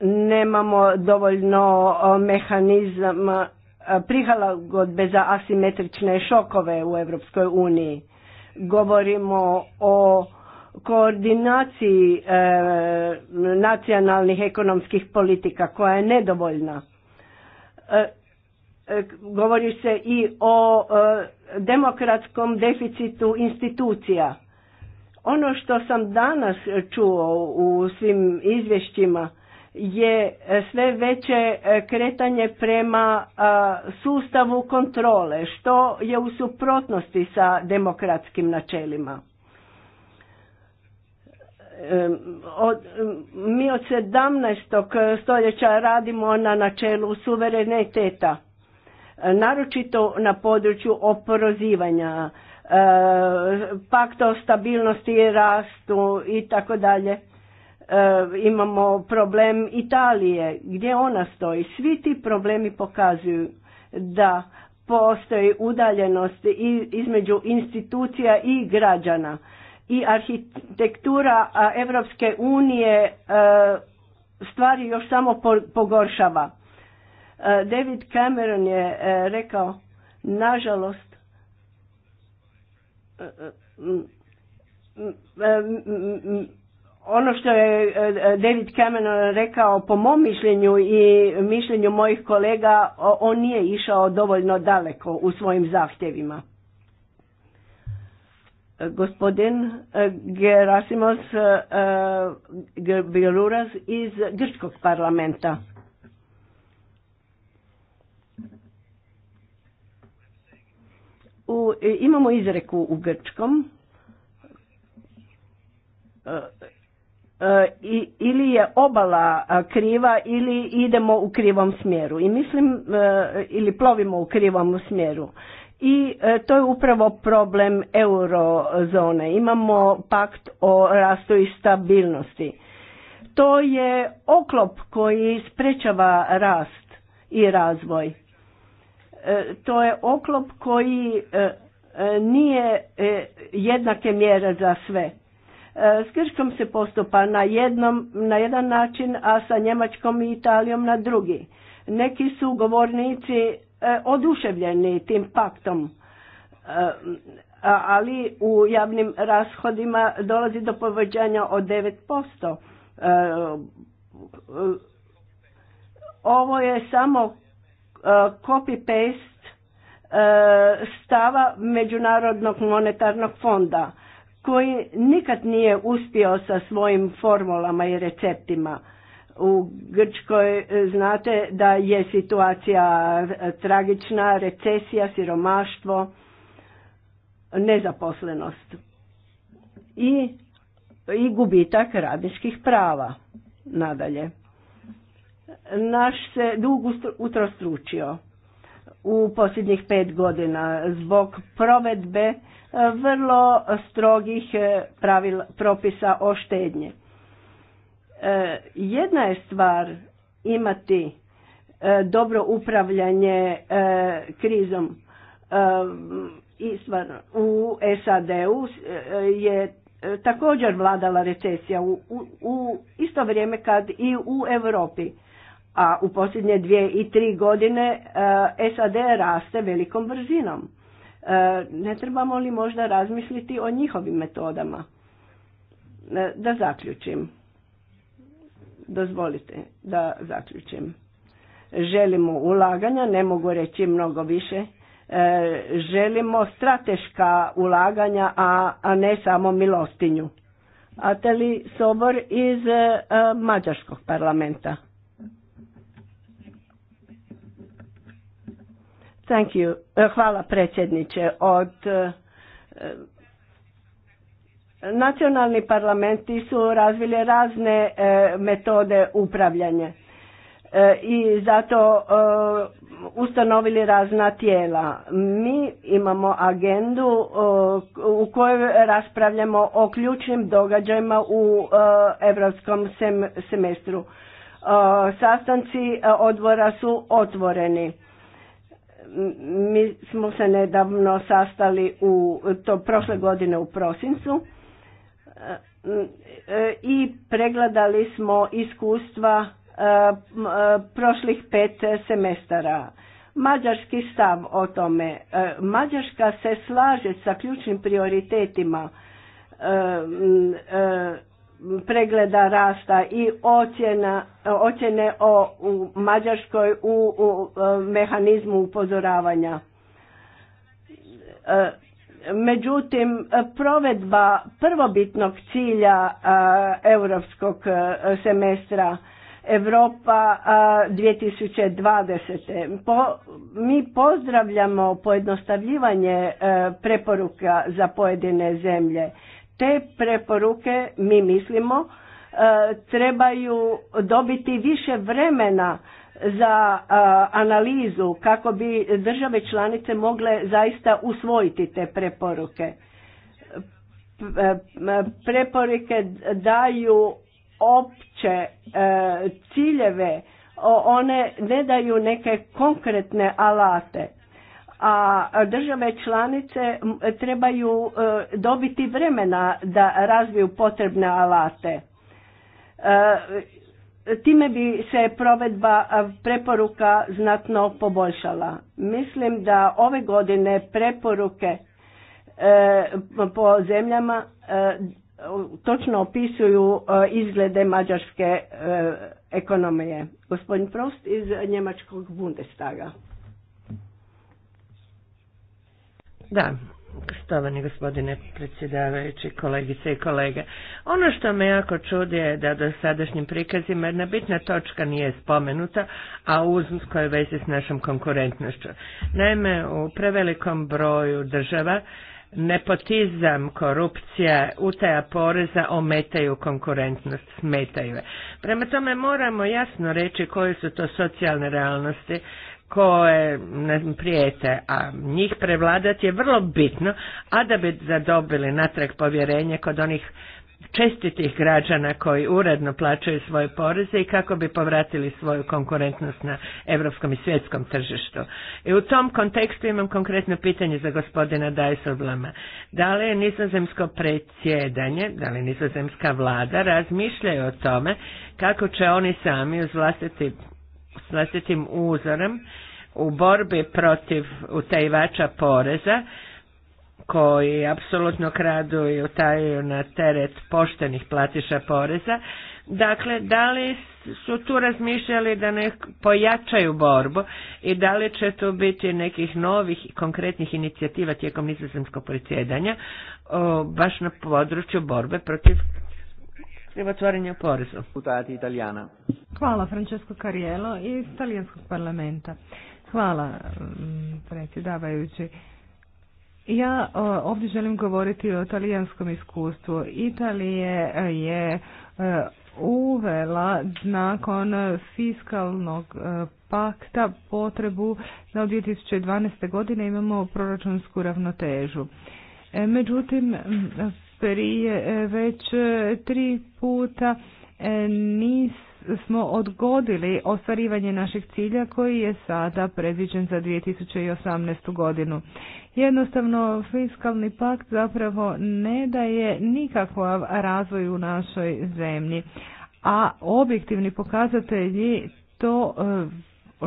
Speaker 4: nemamo dovoljno mehanizama godbe za asimetrične šokove u Europskoj uniji. Govorimo o koordinaciji eh, nacionalnih ekonomskih politika koja je nedovoljna. Eh, eh, govori se i o demokratskom deficitu institucija. Ono što sam danas čuo u svim izvješćima je sve veće kretanje prema sustavu kontrole, što je u suprotnosti sa demokratskim načelima. Od, mi od 17. stoljeća radimo na načelu suvereniteta, naročito na području oporozivanja, e, pakta o stabilnosti i rastu i tako dalje. E, imamo problem Italije, gdje ona stoji. Svi ti problemi pokazuju da postoji udaljenost između institucija i građana i arhitektura Evropske unije e, stvari još samo pogoršava. E, David Cameron je e, rekao, nažalost, ono što je David Cameron rekao po mom mišljenju i mišljenju mojih kolega, on nije išao dovoljno daleko u svojim zahtjevima. Gospodin eh, Gerasimos eh, eh, Biluras iz Grčkog parlamenta. imamo izreku u grčkom ili je obala kriva ili idemo u krivom smjeru i mislim ili plovimo u krivom smjeru i e, to je upravo problem eurozone. Imamo pakt o rastu i stabilnosti. To je oklop koji sprečava rast i razvoj. E, to je oklop koji e, nije jednake mjere za sve. S Grškom se postupa na, jednom, na jedan način, a sa Njemačkom i Italijom na drugi. Neki su govornici E, oduševljeni tim paktom e, ali u javnim rashodima dolazi do povećanja od 9%. E, ovo je samo copy-paste stava Međunarodnog monetarnog fonda koji nikad nije uspio sa svojim formulama i receptima. U Grčkoj e, znate da je situacija e, tragična, recesija, siromaštvo, nezaposlenost i, i gubitak radničkih prava nadalje. Naš se dug utrostručio u posljednjih pet godina zbog provedbe e, vrlo strogih pravil, propisa o štednje. E, jedna je stvar imati e, dobro upravljanje e, krizom i stvarno u SAD-u je također vladala recesija u, u isto vrijeme kad i u Europi. A u posljednje dvije i tri godine SAD raste velikom brzinom. Ne trebamo li možda razmisliti o njihovim metodama? Da zaključim. Dozvolite da zaključim. Želimo ulaganja, ne mogu reći mnogo više. E, želimo strateška ulaganja, a, a ne samo milostinju. Ateli Sobor iz e, Mađarskog parlamenta. Thank you. E, hvala predsjedniče. Od Nacionalni parlamenti su razvili razne e, metode upravljanja e, i zato e, ustanovili razna tijela. Mi imamo agendu u kojoj raspravljamo o ključnim događajima u europskom semestru. Sastanci odvora su otvoreni. Mi smo se nedavno sastali u to prošle godine u prosincu i pregledali smo iskustva e, e, prošlih pet semestara. Mađarski stav o tome. E, Mađarska se slaže sa ključnim prioritetima pregleda rasta i ocjena, ocjene o u Mađarskoj u mehanizmu upozoravanja. Međutim, provedba prvobitnog cilja europskog semestra Europa 2020. Po, mi pozdravljamo pojednostavljivanje e, preporuka za pojedine zemlje. Te preporuke, mi mislimo, e, trebaju dobiti više vremena za analizu kako bi države članice mogle zaista usvojiti te preporuke. E, preporuke daju opće e, ciljeve, one ne daju neke konkretne alate, a države članice trebaju e, dobiti vremena da razviju potrebne alate. Time bi se provedba preporuka znatno poboljšala. Mislim da ove godine preporuke e, po zemljama e, točno opisuju e, izglede mađarske ekonomije. Gospodin Prost iz Njemačkog Bundestaga.
Speaker 2: Da, Štovani gospodine predsjedavajući, kolegice i kolege. Ono što me jako čudi je da do sadašnjim prikazima jedna bitna točka nije spomenuta, a uz koje vezi s našom konkurentnošću. Naime, u prevelikom broju država nepotizam, korupcija, utaja poreza ometaju konkurentnost, smetaju je. Prema tome moramo jasno reći koje su to socijalne realnosti koje ne znam, prijete, a njih prevladati je vrlo bitno, a da bi zadobili natrag povjerenje kod onih čestitih građana koji uredno plaćaju svoje poreze i kako bi povratili svoju konkurentnost na europskom i svjetskom tržištu. I u tom kontekstu imam konkretno pitanje za gospodina Dajsoblama. Da li je nizozemsko predsjedanje, da li nizozemska vlada razmišljaju o tome kako će oni sami uz vlastiti s vlastitim uzorem u borbi protiv utajivača poreza koji apsolutno kradu i utaju na teret poštenih platiša poreza. Dakle, da li su tu razmišljali da ne pojačaju borbu i da li će tu biti nekih novih i konkretnih inicijativa tijekom nizozemskog predsjedanja baš na području borbe protiv krivotvorenja poreza. Italijana.
Speaker 3: Hvala Francesco Carijelo iz talijanskog parlamenta. Hvala mm, predsjedavajući. Ja ovdje želim govoriti o talijanskom iskustvu. Italije je e, uvela nakon fiskalnog e, pakta potrebu da u 2012. godine imamo proračunsku ravnotežu. E, međutim, prije e, već e, tri puta e, nismo smo odgodili ostvarivanje našeg cilja koji je sada predviđen za 2018. godinu. Jednostavno, fiskalni pakt zapravo ne daje nikakav razvoj u našoj zemlji, a objektivni pokazatelji to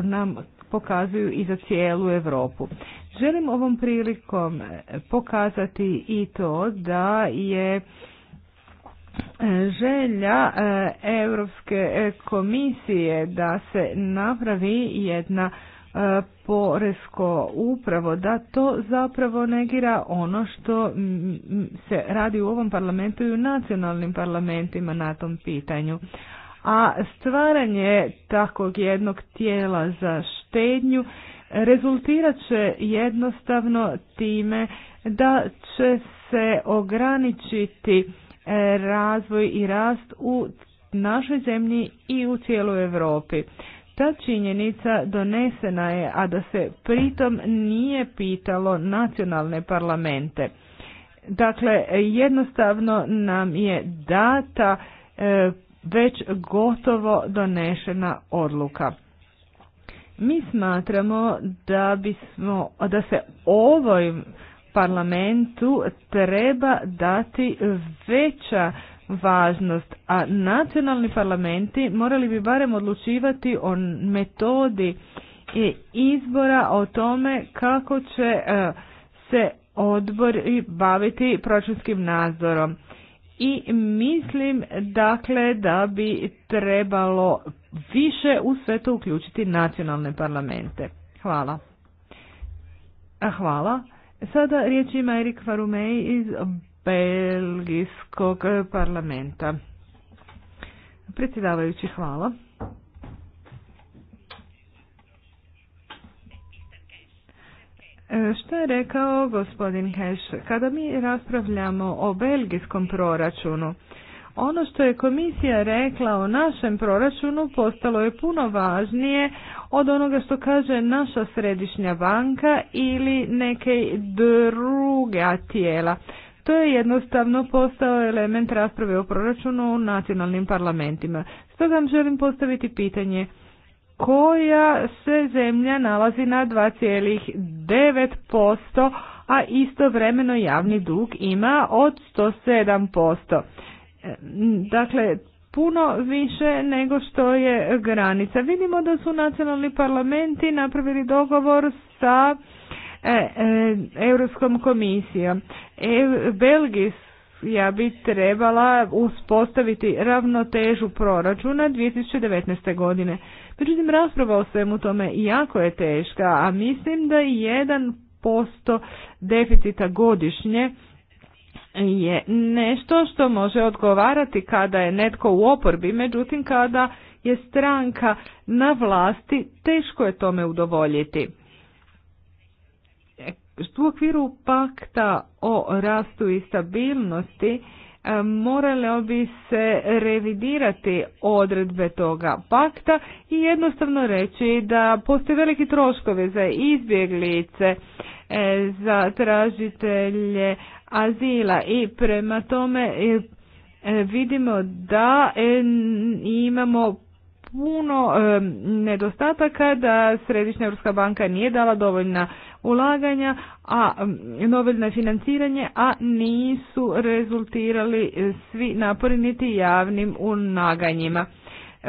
Speaker 3: nam pokazuju i za cijelu Europu. Želim ovom prilikom e, pokazati i to da je e, želja e, Europske komisije da se napravi jedna poresko upravo da to zapravo negira ono što se radi u ovom parlamentu i u nacionalnim parlamentima na tom pitanju a stvaranje takvog jednog tijela za štednju rezultirat će jednostavno time da će se ograničiti e, razvoj i rast u našoj zemlji i u cijeloj Europi. Ta činjenica donesena je, a da se pritom nije pitalo nacionalne parlamente. Dakle, jednostavno nam je data e, već gotovo donešena odluka. Mi smatramo da bismo, da se ovoj parlamentu treba dati veća važnost, a nacionalni parlamenti morali bi barem odlučivati o metodi izbora o tome kako će e, se odbor baviti proračunskim nadzorom i mislim dakle da bi trebalo više u sve to uključiti nacionalne parlamente. Hvala. Hvala. Sada riječ ima Erik Farumej iz Belgijskog parlamenta. Predsjedavajući, hvala. E, što je rekao gospodin Heš? Kada mi raspravljamo o belgijskom proračunu, ono što je komisija rekla o našem proračunu postalo je puno važnije od onoga što kaže naša središnja banka ili neke druga tijela. To je jednostavno postao element rasprave o proračunu u nacionalnim parlamentima. Stoga vam želim postaviti pitanje koja se zemlja nalazi na 2,9%, a istovremeno javni dug ima od 107%. E, dakle, puno više nego što je granica. Vidimo da su nacionalni parlamenti napravili dogovor sa e, e, Europskom komisijom. E, ja bi trebala uspostaviti ravnotežu proračuna 2019. godine. Međutim, rasprava o svemu tome jako je teška, a mislim da jedan posto deficita godišnje je nešto što može odgovarati kada je netko u oporbi, međutim kada je stranka na vlasti, teško je tome udovoljiti. U okviru pakta o rastu i stabilnosti E, morale bi se revidirati odredbe toga pakta i jednostavno reći da postoje veliki troškovi za izbjeglice, e, za tražitelje azila i prema tome e, vidimo da imamo puno nedostataka da Središnja Europska banka nije dala dovoljna ulaganja, a mm, novelno financiranje, a nisu rezultirali svi napori niti javnim ulaganjima.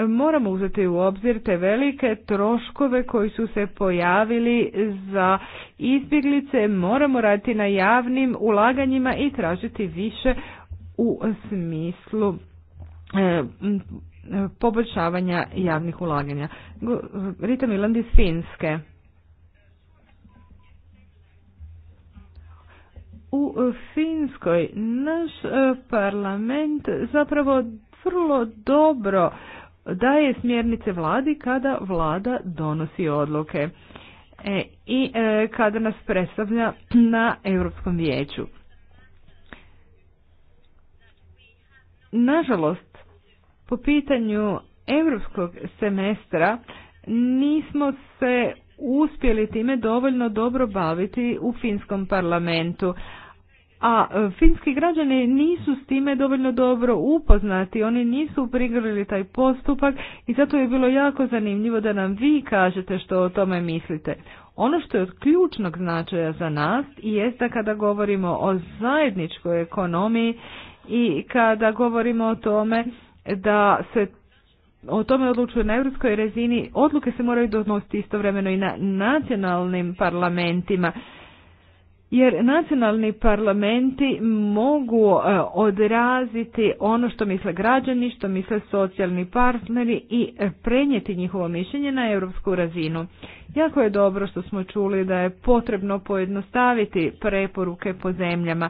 Speaker 3: Moramo uzeti u obzir te velike troškove koji su se pojavili za izbjeglice, moramo raditi na javnim ulaganjima i tražiti više u smislu e, poboljšavanja javnih ulaganja. Rita Miland Finske. u e, Finskoj naš e, parlament zapravo vrlo dobro daje smjernice vladi kada vlada donosi odluke e, i e, kada nas predstavlja na Europskom vijeću. Nažalost, po pitanju europskog semestra nismo se uspjeli time dovoljno dobro baviti u finskom parlamentu, a e, finski građani nisu s time dovoljno dobro upoznati, oni nisu prigrlili taj postupak i zato je bilo jako zanimljivo da nam vi kažete što o tome mislite. Ono što je od ključnog značaja za nas jest da kada govorimo o zajedničkoj ekonomiji i kada govorimo o tome da se o tome odlučuje na europskoj razini, odluke se moraju donositi istovremeno i na nacionalnim parlamentima jer nacionalni parlamenti mogu e, odraziti ono što misle građani, što misle socijalni partneri i e, prenijeti njihovo mišljenje na europsku razinu. Jako je dobro što smo čuli da je potrebno pojednostaviti preporuke po zemljama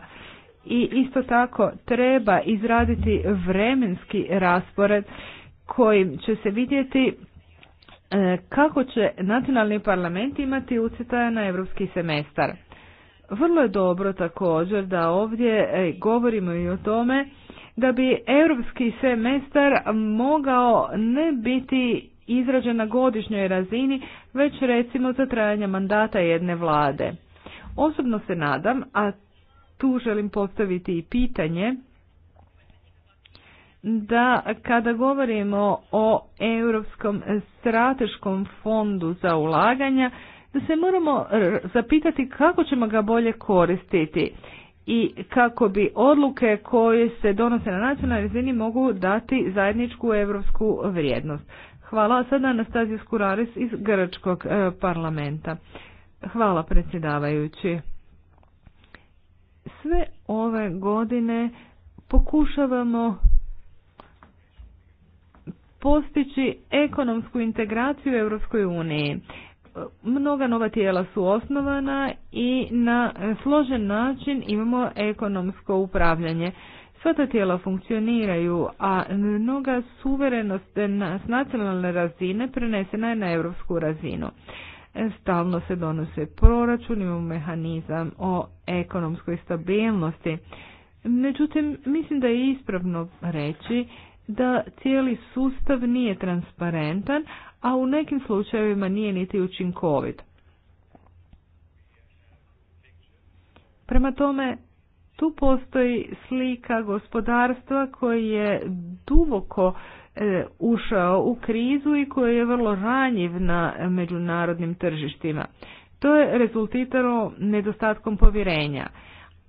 Speaker 3: i isto tako treba izraditi vremenski raspored kojim će se vidjeti e, kako će nacionalni parlament imati utjecaja na europski semestar. Vrlo je dobro također da ovdje e, govorimo i o tome da bi europski semestar mogao ne biti izrađen na godišnjoj razini, već recimo za trajanje mandata jedne vlade. Osobno se nadam, a tu želim postaviti i pitanje, da kada govorimo o Europskom strateškom fondu za ulaganja, da se moramo e, zapitati kako ćemo ga bolje koristiti i kako bi odluke koje se donose na nacionalnoj razini mogu dati zajedničku evropsku vrijednost. Hvala sada Anastazija Skuraris iz Grčkog e, parlamenta. Hvala predsjedavajući. Sve ove godine pokušavamo postići ekonomsku integraciju u Europskoj uniji. Mnoga nova tijela su osnovana i na složen način imamo ekonomsko upravljanje. Sva ta tijela funkcioniraju, a mnoga suverenost s nacionalne razine prenesena je na europsku razinu. Stalno se donose proračun, imamo mehanizam o ekonomskoj stabilnosti. Međutim, mislim da je ispravno reći da cijeli sustav nije transparentan, a u nekim slučajevima nije niti učinkovit. Prema tome, tu postoji slika gospodarstva koji je duboko e, ušao u krizu i koji je vrlo ranjiv na međunarodnim tržištima. To je rezultiralo nedostatkom povjerenja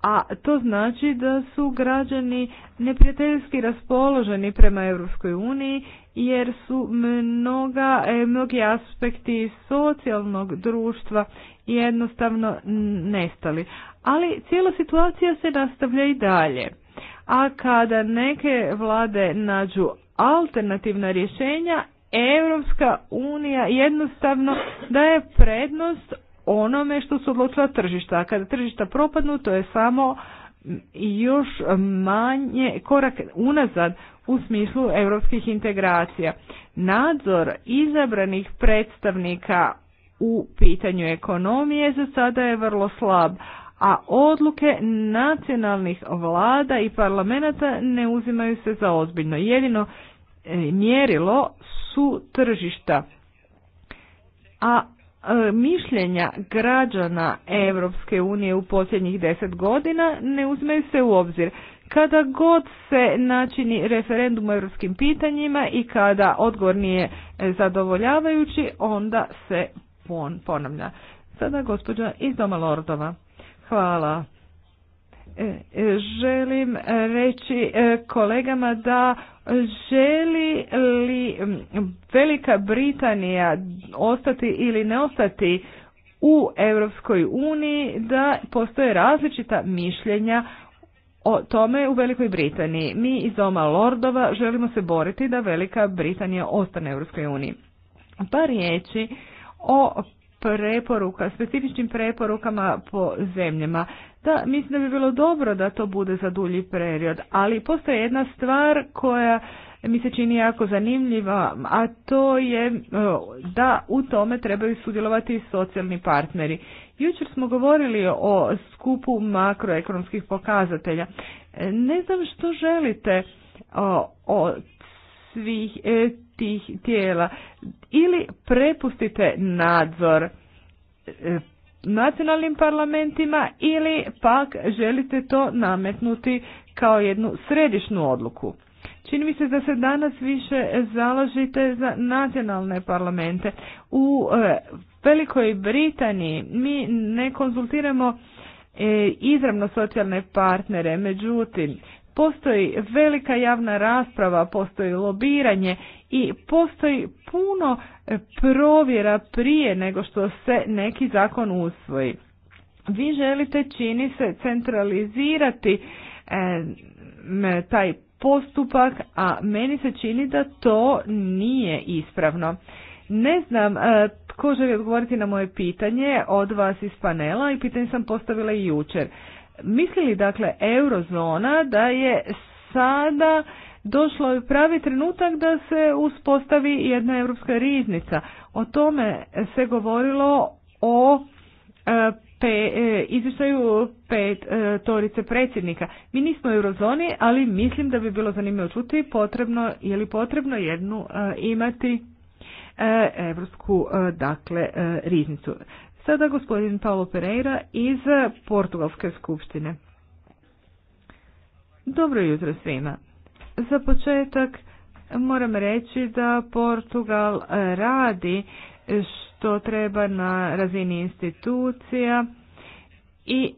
Speaker 3: a to znači da su građani neprijateljski raspoloženi prema Europskoj uniji jer su mnoga, e, mnogi aspekti socijalnog društva jednostavno nestali. Ali cijela situacija se nastavlja i dalje. A kada neke vlade nađu alternativna rješenja, Europska unija jednostavno daje prednost onome što su odločila tržišta. A kada tržišta propadnu, to je samo još manje korak unazad u smislu europskih integracija. Nadzor izabranih predstavnika u pitanju ekonomije za sada je vrlo slab, a odluke nacionalnih vlada i parlamenta ne uzimaju se za ozbiljno. Jedino e, mjerilo su tržišta. A E, mišljenja građana Europske unije u posljednjih deset godina ne uzme se u obzir. Kada god se načini referendum o europskim pitanjima i kada odgovor nije e, zadovoljavajući, onda se ponavlja. Sada gospođa iz Doma Lordova. Hvala E, e, želim reći e, kolegama da želi li Velika Britanija ostati ili ne ostati u Europskoj uniji da postoje različita mišljenja o tome u Velikoj Britaniji. Mi iz Doma Lordova želimo se boriti da Velika Britanija ostane u Europskoj uniji. Pa riječi o preporuka, specifičnim preporukama po zemljama. Da, mislim da bi bilo dobro da to bude za dulji period, ali postoji jedna stvar koja mi se čini jako zanimljiva, a to je e, da u tome trebaju sudjelovati i socijalni partneri. Jučer smo govorili o skupu makroekonomskih pokazatelja. E, ne znam što želite od svih e, tih tijela ili prepustite nadzor e, nacionalnim parlamentima ili pak želite to nametnuti kao jednu središnu odluku. Čini mi se da se danas više založite za nacionalne parlamente. U e, Velikoj Britaniji mi ne konzultiramo e, izravno socijalne partnere, međutim Postoji velika javna rasprava, postoji lobiranje i postoji puno e, provjera prije nego što se neki zakon usvoji. Vi želite čini se centralizirati e, taj postupak, a meni se čini da to nije ispravno. Ne znam e, tko želi odgovoriti na moje pitanje od vas iz panela i pitanje sam postavila i jučer mislili, dakle eurozona da je sada došlo je pravi trenutak da se uspostavi jedna europska riznica. O tome se govorilo o e, pe, e, izvještaju pet e, torice predsjednika. Mi nismo u eurozoni, ali mislim da bi bilo zanimljivo čuti potrebno je li potrebno jednu e, imati europsku dakle riznicu. Sada gospodin Paulo Pereira iz Portugalske skupštine. Dobro jutro svima. Za početak moram reći da Portugal radi što treba na razini institucija i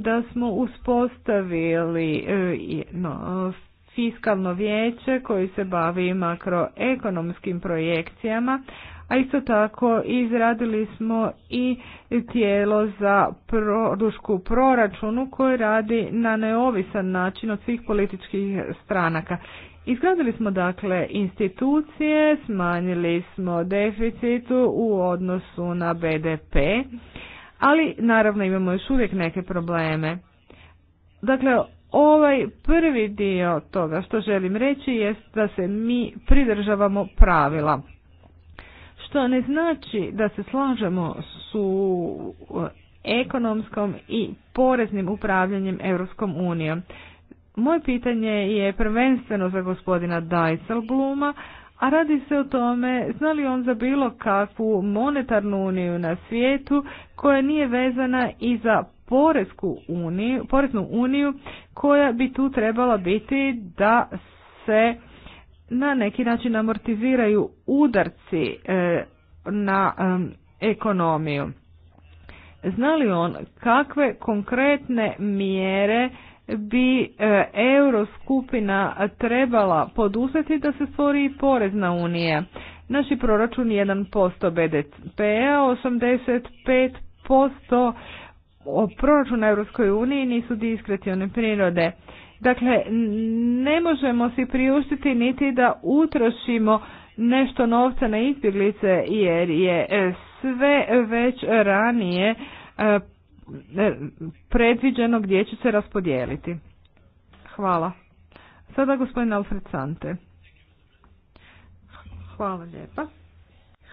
Speaker 3: da smo uspostavili eh, no, fiskalno vijeće koji se bavi makroekonomskim projekcijama, a isto tako izradili smo i tijelo za produšku proračunu koje radi na neovisan način od svih političkih stranaka. Izgradili smo dakle institucije, smanjili smo deficitu u odnosu na BDP, ali naravno imamo još uvijek neke probleme. Dakle, ovaj prvi dio toga što želim reći jest da se mi pridržavamo pravila što ne znači da se slažemo su e, ekonomskom i poreznim upravljanjem Europskom unijom. Moje pitanje je prvenstveno za gospodina Dijsselbluma, a radi se o tome zna li on za bilo kakvu monetarnu uniju na svijetu koja nije vezana i za poresku uniju, poreznu uniju koja bi tu trebala biti da se na neki način amortiziraju udarci e, na ekonomiju. Zna li on kakve konkretne mjere bi e, euroskupina trebala poduzeti da se stvori i porezna unija? Naši proračun 1% BDP-a, 85% proračuna Europskoj uniji nisu diskrecione prirode. Dakle, ne možemo si priuštiti niti da utrošimo nešto novca na izbjeglice jer je e, sve već ranije e, e, predviđeno gdje će se raspodijeliti. Hvala. Sada gospodin Alfred Sante.
Speaker 2: Hvala lijepa.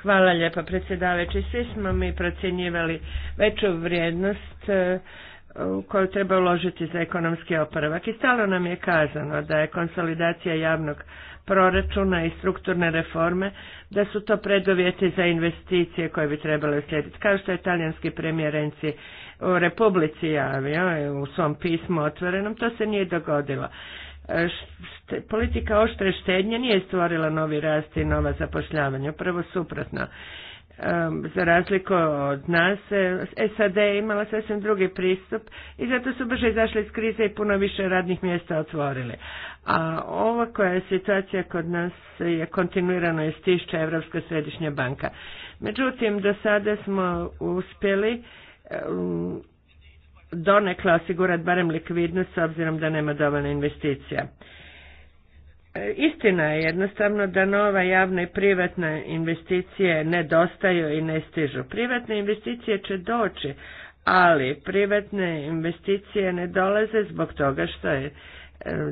Speaker 2: Hvala lijepa predsjedavajući. Svi smo mi procjenjivali veću vrijednost u koju treba uložiti za ekonomski oporavak. I stalo nam je kazano da je konsolidacija javnog proračuna i strukturne reforme, da su to predovjeti za investicije koje bi trebale uslijediti. Kao što je talijanski premijer u Republici javio u svom pismu otvorenom, to se nije dogodilo. politika oštre štednje nije stvorila novi rast i nova zapošljavanja, prvo suprotno za razliku od nas, e, SAD je imala sasvim drugi pristup i zato su brže izašli iz krize i puno više radnih mjesta otvorili. A ova koja je situacija kod nas je kontinuirano istišća Evropska središnja banka. Međutim, do sada smo uspjeli donekle osigurati barem likvidnost s obzirom da nema dovoljno investicija. E, istina je jednostavno da nova javna i privatna investicije nedostaju i ne stižu. Privatne investicije će doći, ali privatne investicije ne dolaze zbog toga što je e,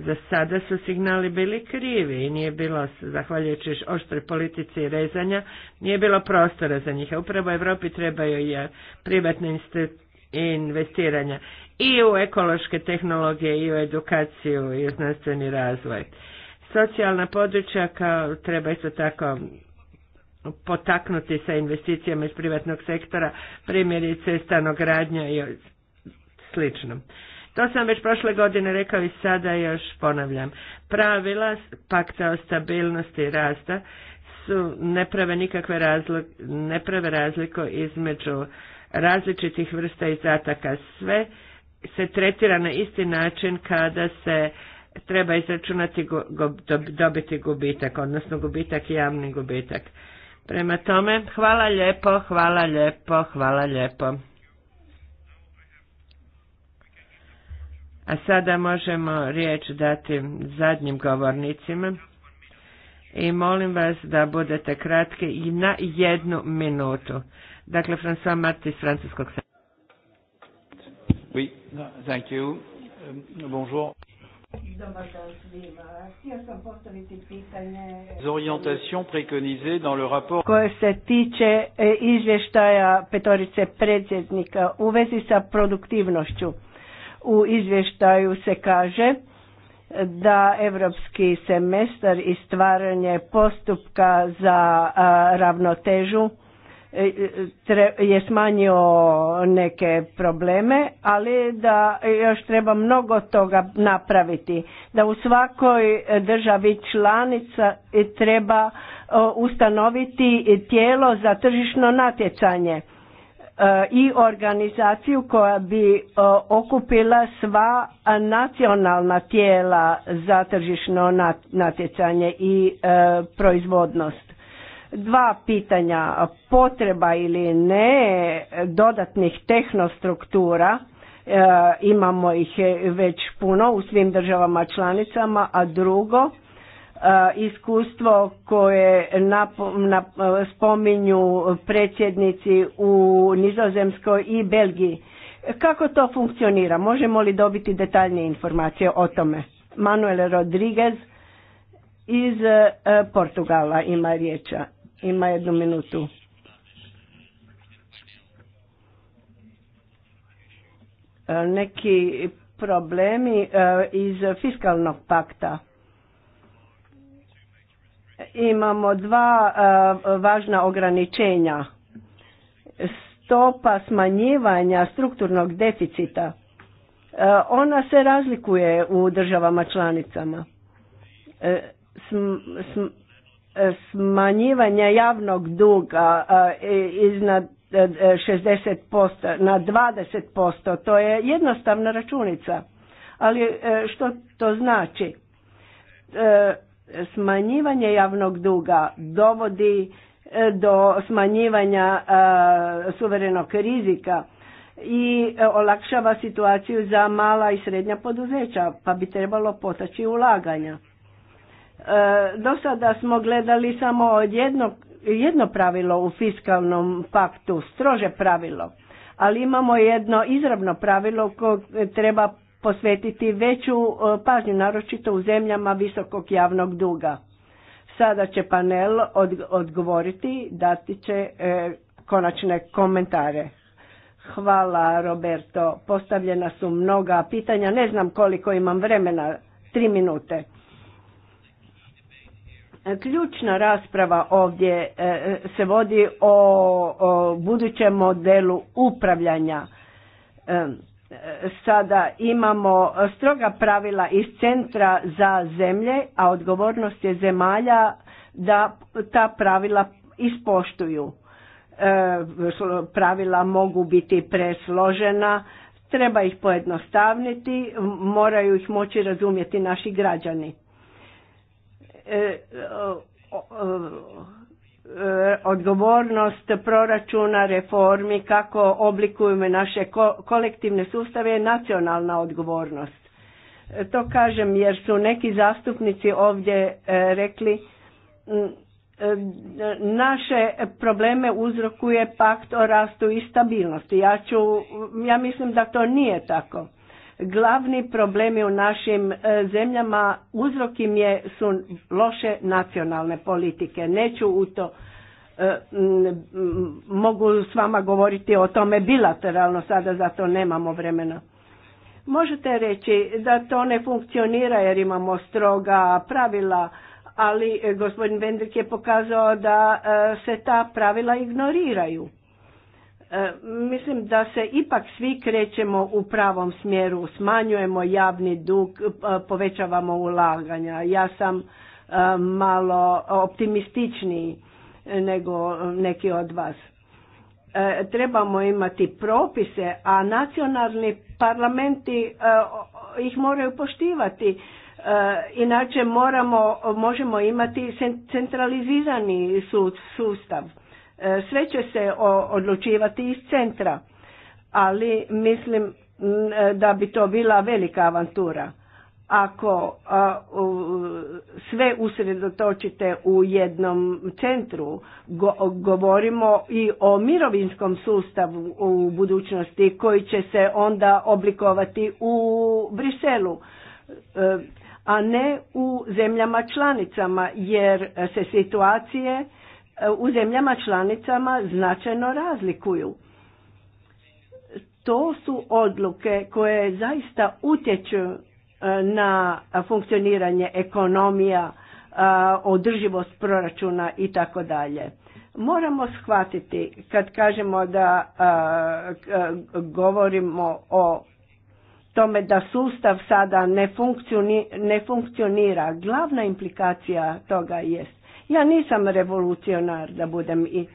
Speaker 2: za sada su signali bili krivi i nije bilo, zahvaljujući oštre politici i rezanja, nije bilo prostora za njih. Upravo Europi trebaju i privatne investiranja i u ekološke tehnologije i u edukaciju i u znanstveni razvoj. Socijalna područja kao treba isto tako potaknuti sa investicijama iz privatnog sektora, primjerice stanogradnja i slično. To sam već prošle godine rekao i sada još ponavljam. Pravila pakta o stabilnosti i rasta su ne prave nikakve razlog, ne prave razliku između različitih vrsta izdataka. Sve se tretira na isti način kada se treba izračunati dobiti gubitak, odnosno gubitak i javni gubitak. Prema tome, hvala lijepo, hvala lijepo, hvala lijepo. A sada možemo riječ dati zadnjim govornicima i molim vas da budete kratki i na jednu minutu. Dakle, François Marti iz Francuskog sada.
Speaker 1: thank you. Um, bonjour. Dobar
Speaker 3: le rapport
Speaker 4: koje se tiče e, izvještaja petorice predsjednika u vezi sa produktivnošću. U izvještaju se kaže da europski semestar i stvaranje postupka za ravnotežu E, e, je smanjio neke probleme, ali da još treba mnogo toga napraviti. Da u svakoj državi članica treba e, ustanoviti tijelo za tržišno natjecanje i organizaciju koja bi okupila sva nacionalna tijela za tržišno natjecanje i proizvodnost dva pitanja, potreba ili ne dodatnih tehnostruktura, e, imamo ih već puno u svim državama članicama, a drugo, e, iskustvo koje spominju predsjednici u Nizozemskoj i Belgiji. Kako to funkcionira? Možemo li dobiti detaljnije informacije o tome? Manuel Rodriguez iz e, Portugala ima riječa ima jednu minutu. E, neki problemi e, iz fiskalnog pakta. Imamo dva e, važna ograničenja. Stopa smanjivanja strukturnog deficita. Ona se razlikuje u državama članicama smanjivanja javnog duga e, iznad 60% e, na 20%. To je jednostavna računica. Ali e, što to znači? Smanjivanje javnog duga dovodi do smanjivanja suverenog rizika i olakšava situaciju za mala i srednja poduzeća, pa bi trebalo potaći ulaganja. E, do sada smo gledali samo jedno, jedno pravilo u fiskalnom paktu, strože pravilo, ali imamo jedno izravno pravilo koje treba posvetiti veću e, pažnju, naročito u zemljama visokog javnog duga. Sada će panel odgovoriti, dati će e, konačne komentare. Hvala Roberto, postavljena su mnoga pitanja, ne znam koliko imam vremena, tri minute. Ključna rasprava ovdje e, se vodi o, budućem modelu upravljanja. E, e, sada imamo stroga pravila iz centra za zemlje, a odgovornost je zemalja da ta pravila ispoštuju. Pravila mogu biti presložena, treba ih pojednostavniti, moraju ih moći razumjeti naši građani.
Speaker 1: E, e,
Speaker 4: odgovornost proračuna reformi kako oblikujemo naše kolektivne sustave je nacionalna odgovornost. E, to kažem jer su neki zastupnici ovdje rekli naše probleme uzrokuje pakt o rastu i stabilnosti. Ja, ja mislim da to nije tako. Glavni problemi u našim e, zemljama uzrok im je su loše nacionalne politike. Neću u to e, mogu s vama govoriti o tome bilateralno, sada zato nemamo vremena. Možete reći da to ne funkcionira jer imamo stroga pravila, ali e, gospodin Vendrik je pokazao da se ta pravila ignoriraju. E, mislim da se ipak svi krećemo u pravom smjeru, smanjujemo javni dug, e, povećavamo ulaganja. Ja sam e, malo optimističniji nego neki od vas. Trebamo imati propise, a nacionalni parlamenti ih moraju poštivati. Inače možemo imati centralizirani sustav E, sve će se odlučivati iz centra, ali mislim e, da bi to bila velika avantura. Ako sve usredotočite u jednom centru, govorimo i o mirovinskom sustavu u budućnosti koji će se onda oblikovati u Briselu e, a ne u zemljama članicama jer se situacije u zemljama članicama značajno razlikuju. To su odluke koje zaista utječu e, na funkcioniranje ekonomija, e, održivost proračuna i tako dalje. Moramo shvatiti kad kažemo da e, govorimo o tome da sustav sada ne funkcionira, glavna implikacija toga jest ja nisam revolucionar da budem i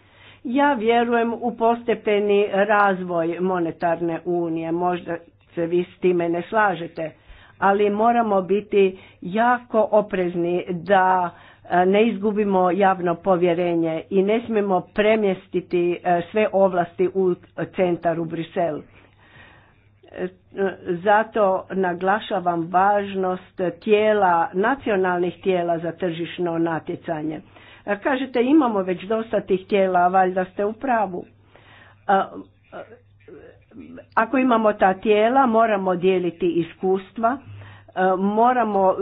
Speaker 4: ja vjerujem u postepeni razvoj monetarne unije, možda se vi s time ne slažete, ali moramo biti jako oprezni da e, ne izgubimo javno povjerenje i ne smijemo premjestiti e, sve ovlasti u centar u Brisel. Zato naglašavam važnost tijela, nacionalnih tijela za tržišno natjecanje. E, kažete imamo već dosta tih tijela, valjda ste u pravu. E, e, ako imamo ta tijela, moramo dijeliti iskustva, moramo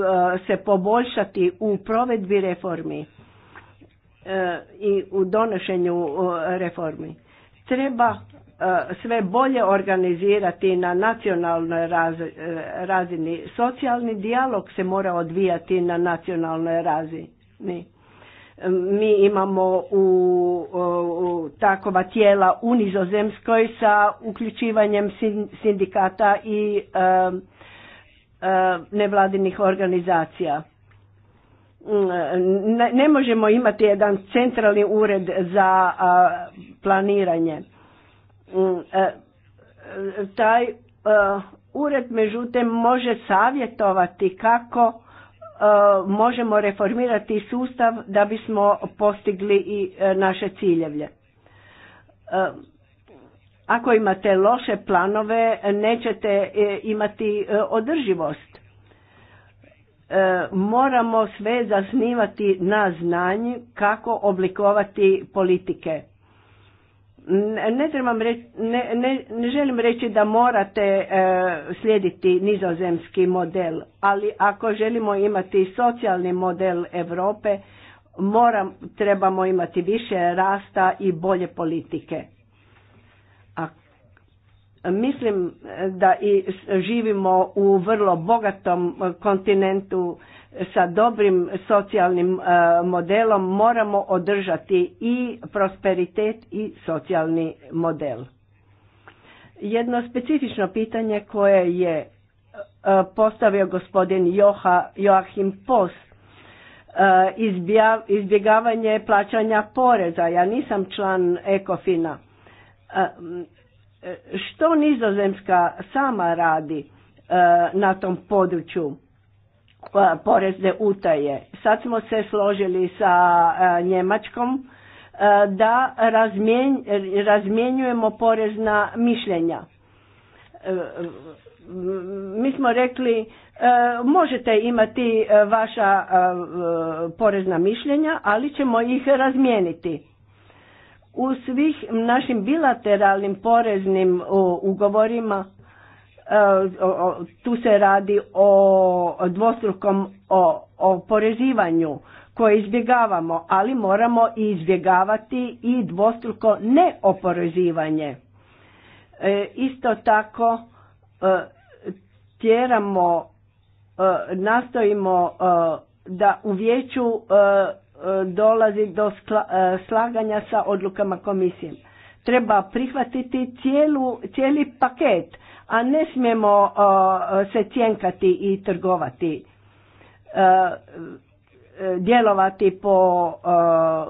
Speaker 4: se poboljšati u provedbi reformi i u donošenju reformi. Treba E, sve bolje organizirati na nacionalnoj e, razini. Socijalni dijalog se mora odvijati na nacionalnoj razini. Mi imamo u, u takova tijela u Nizozemskoj sa uključivanjem sindikata i e, nevladinih organizacija. Ne, možemo imati jedan centralni ured za planiranje Mm, e, e, taj e, ured međutim može savjetovati kako možemo reformirati sustav da bismo postigli i naše ciljevlje. Ako imate loše planove, nećete imati održivost. Moramo sve zasnivati na znanju kako oblikovati politike ne ne, ne, ne želim reći da morate e, slijediti nizozemski model, ali ako želimo imati socijalni model Europe, moram trebamo imati više rasta i bolje politike. A mislim da i živimo u vrlo bogatom kontinentu sa dobrim socijalnim e, modelom moramo održati i prosperitet i socijalni model. Jedno specifično pitanje koje je e, postavio gospodin Joachim Pos, e, izbjegavanje plaćanja poreza. Ja nisam član Ekofina. Što nizozemska sama radi na tom području?
Speaker 1: E, porezne
Speaker 4: utaje. Sad smo se složili sa e, Njemačkom e, da razmjenjujemo porezna mišljenja. Mi smo rekli možete imati vaša porezna mišljenja, ali ćemo ih razmijeniti. U svih našim bilateralnim poreznim ugovorima E, tu se radi o dvostrukom oporezivanju koje izbjegavamo, ali moramo i izbjegavati i dvostruko neoporezivanje. E, isto tako e, tjeramo, nastojimo da u vijeću dolazi do slaganja sa odlukama komisije. Treba prihvatiti cijelu, cijeli paket a ne smijemo uh, se cjenkati i trgovati, uh, djelovati po uh,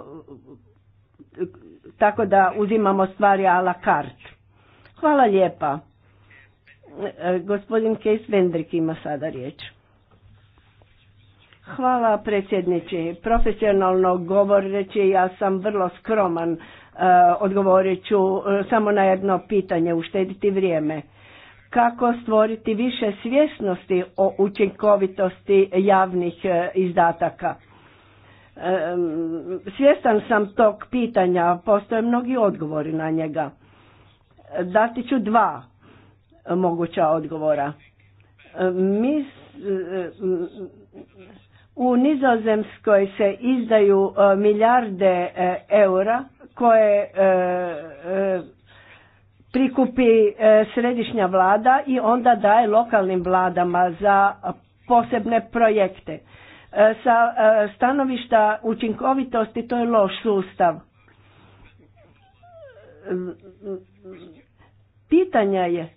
Speaker 4: tako da uzimamo stvari a la carte. Hvala lijepa. Gospodin Kejs Vendrik ima sada riječ. Hvala predsjedniče. Profesionalno govoreći ja sam vrlo skroman. Odgovorit ću samo na jedno pitanje, uštediti vrijeme kako stvoriti više svjesnosti o učinkovitosti javnih e, izdataka. E, svjestan sam tog pitanja, postoje mnogi odgovori na njega. Dati ću dva moguća odgovora. E, mi u Nizozemskoj se izdaju milijarde eura koje prikupi e, središnja vlada i onda daje lokalnim vladama za posebne projekte. E, sa e, stanovišta učinkovitosti to je loš sustav. Pitanja je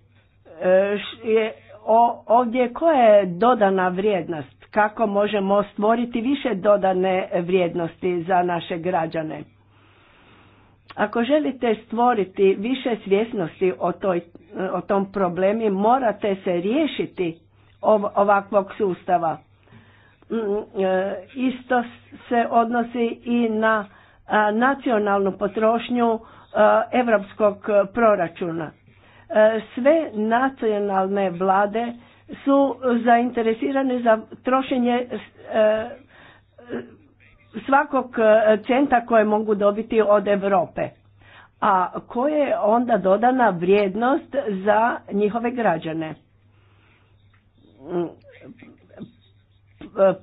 Speaker 4: ovdje koja je dodana vrijednost, kako možemo stvoriti više dodane vrijednosti za naše građane. Ako želite stvoriti više svjesnosti o, toj, o tom problemi, morate se riješiti ovakvog sustava. Mm, e, isto se odnosi i na nacionalnu potrošnju europskog proračuna. E, sve nacionalne vlade su zainteresirane za trošenje e, svakog e, centa koje mogu dobiti od Europe. A koje je onda dodana vrijednost za njihove građane? Mm,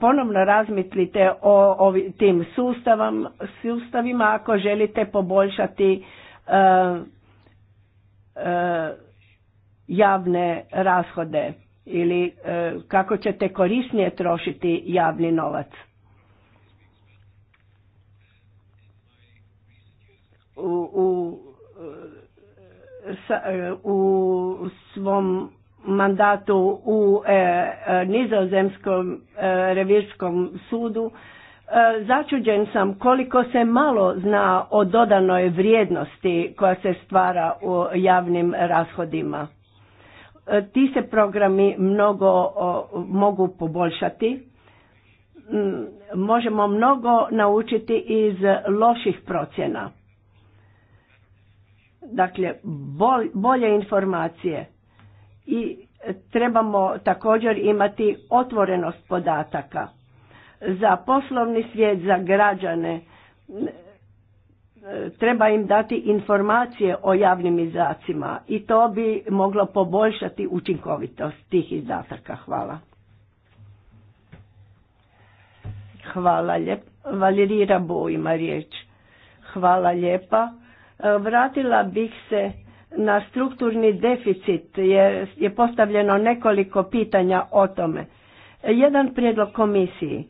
Speaker 4: ponovno razmislite o, tim sustavima ako želite poboljšati e, e, javne rashode ili kako ćete korisnije trošiti javni novac.
Speaker 1: u,
Speaker 4: e, e, u, svom mandatu u e, e, nizozemskom e, revirskom sudu e, začuđen sam koliko se malo zna o dodanoj vrijednosti koja se stvara u javnim rashodima. Ti se programi mnogo mogu poboljšati. možemo mnogo naučiti iz loših procjena Dakle, bolje informacije i trebamo također imati otvorenost podataka. Za poslovni svijet, za građane, treba im dati informacije o javnim izdacima i to bi moglo poboljšati učinkovitost tih izdataka. Hvala. Hvala lijepa. Valerira Bojima riječ. Hvala lijepa. Vratila bih se na strukturni deficit jer je postavljeno nekoliko pitanja o tome. Jedan prijedlog komisiji.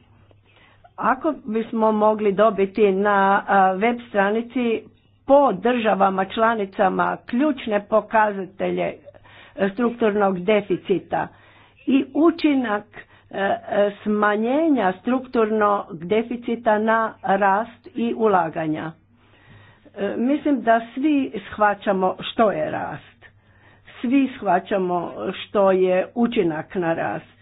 Speaker 4: Ako bismo mogli dobiti na web stranici po državama članicama ključne pokazatelje e, strukturnog deficita i učinak e, e, smanjenja strukturnog deficita na rast i ulaganja. E, mislim da svi shvaćamo što je rast. Svi shvaćamo što je učinak na rast.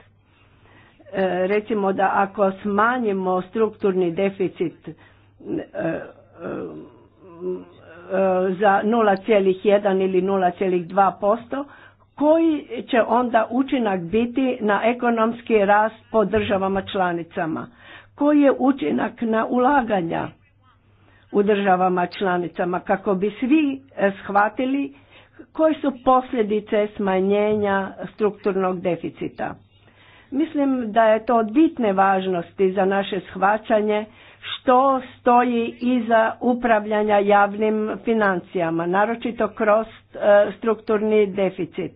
Speaker 4: E, recimo da ako smanjimo strukturni deficit e, za 0,1 ili 0,2%, koji će onda učinak biti na ekonomski rast po državama članicama? Koji je učinak na ulaganja? u državama članicama kako bi svi e, shvatili koje su posljedice smanjenja strukturnog deficita. Mislim da je to od bitne važnosti za naše shvaćanje što stoji iza upravljanja javnim financijama, naročito kroz e, strukturni deficit.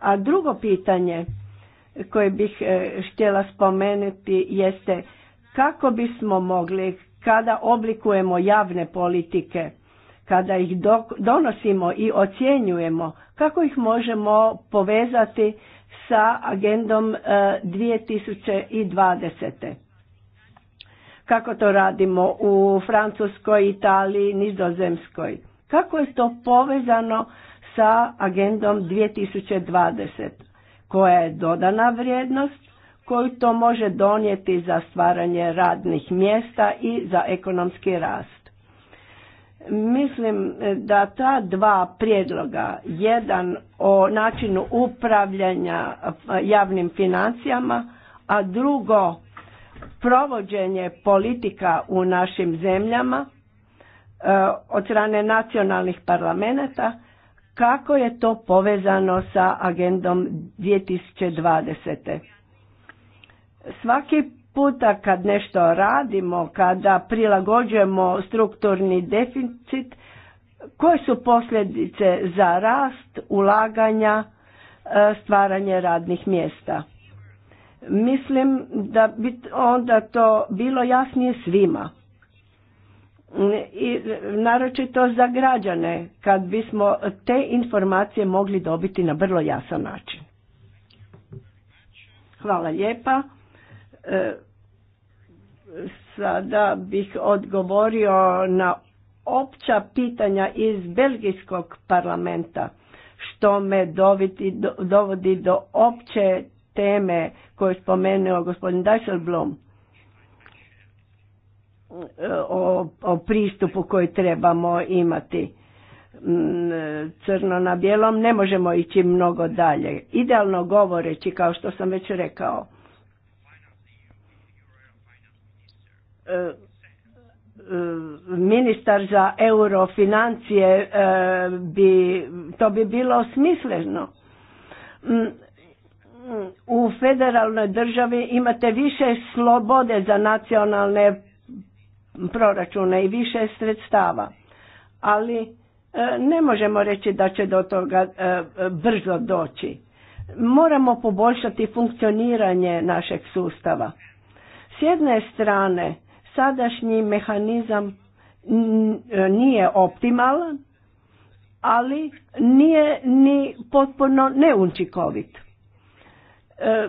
Speaker 4: A drugo pitanje koje bih e, htjela spomenuti jeste kako bismo mogli kada oblikujemo javne politike, kada ih donosimo i ocjenjujemo, kako ih možemo povezati sa agendom 2020. E, kako to radimo u Francuskoj, Italiji, Nizozemskoj? Kako je to povezano sa agendom 2020 koja je dodana vrijednost koji to može donijeti za stvaranje radnih mjesta i za ekonomski rast. Mislim e, da ta dva prijedloga, jedan o načinu upravljanja e, javnim financijama, a drugo provođenje politika u našim zemljama e, od strane nacionalnih parlamenta, kako je to povezano sa agendom 2020. Svaki puta kad nešto radimo, kada prilagođujemo strukturni deficit, koje su posljedice za rast, ulaganja, e, stvaranje radnih mjesta? Mislim da bi onda to bilo jasnije svima. I naročito za građane, kad bismo te informacije mogli dobiti na vrlo jasan način. Hvala lijepa. Sada bih odgovorio na opća pitanja iz Belgijskog parlamenta što me dovodi do opće teme koju je spomenuo gospodin Dijsselblom o, o pristupu koji trebamo imati mm, crno na bijelom ne možemo ići mnogo dalje. Idealno govoreći, kao što sam već rekao, ministar za eurofinancije e, bi, to bi bilo smisleno. Mm, mm, u federalnoj državi imate više slobode za nacionalne proračune i više sredstava, ali e, ne možemo reći da će do toga e, brzo doći. Moramo poboljšati funkcioniranje našeg sustava. S jedne strane, Sadašnji mehanizam nije optimalan, ali nije ni potpuno neunčikovit. E,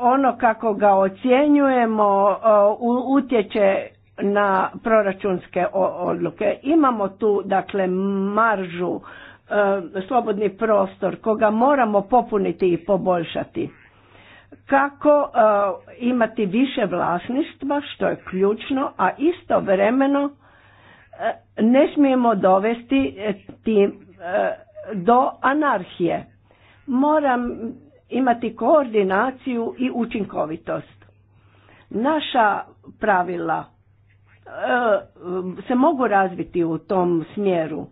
Speaker 4: ono kako ga ocjenjujemo e, utječe na proračunske odluke. Imamo tu dakle maržu, e, slobodni prostor koga moramo popuniti i poboljšati kako e, imati više vlasništva što je ključno, a istovremeno e, ne smijemo dovesti e, tim do anarhije. Moram imati koordinaciju i učinkovitost. Naša pravila se mogu razviti u tom smjeru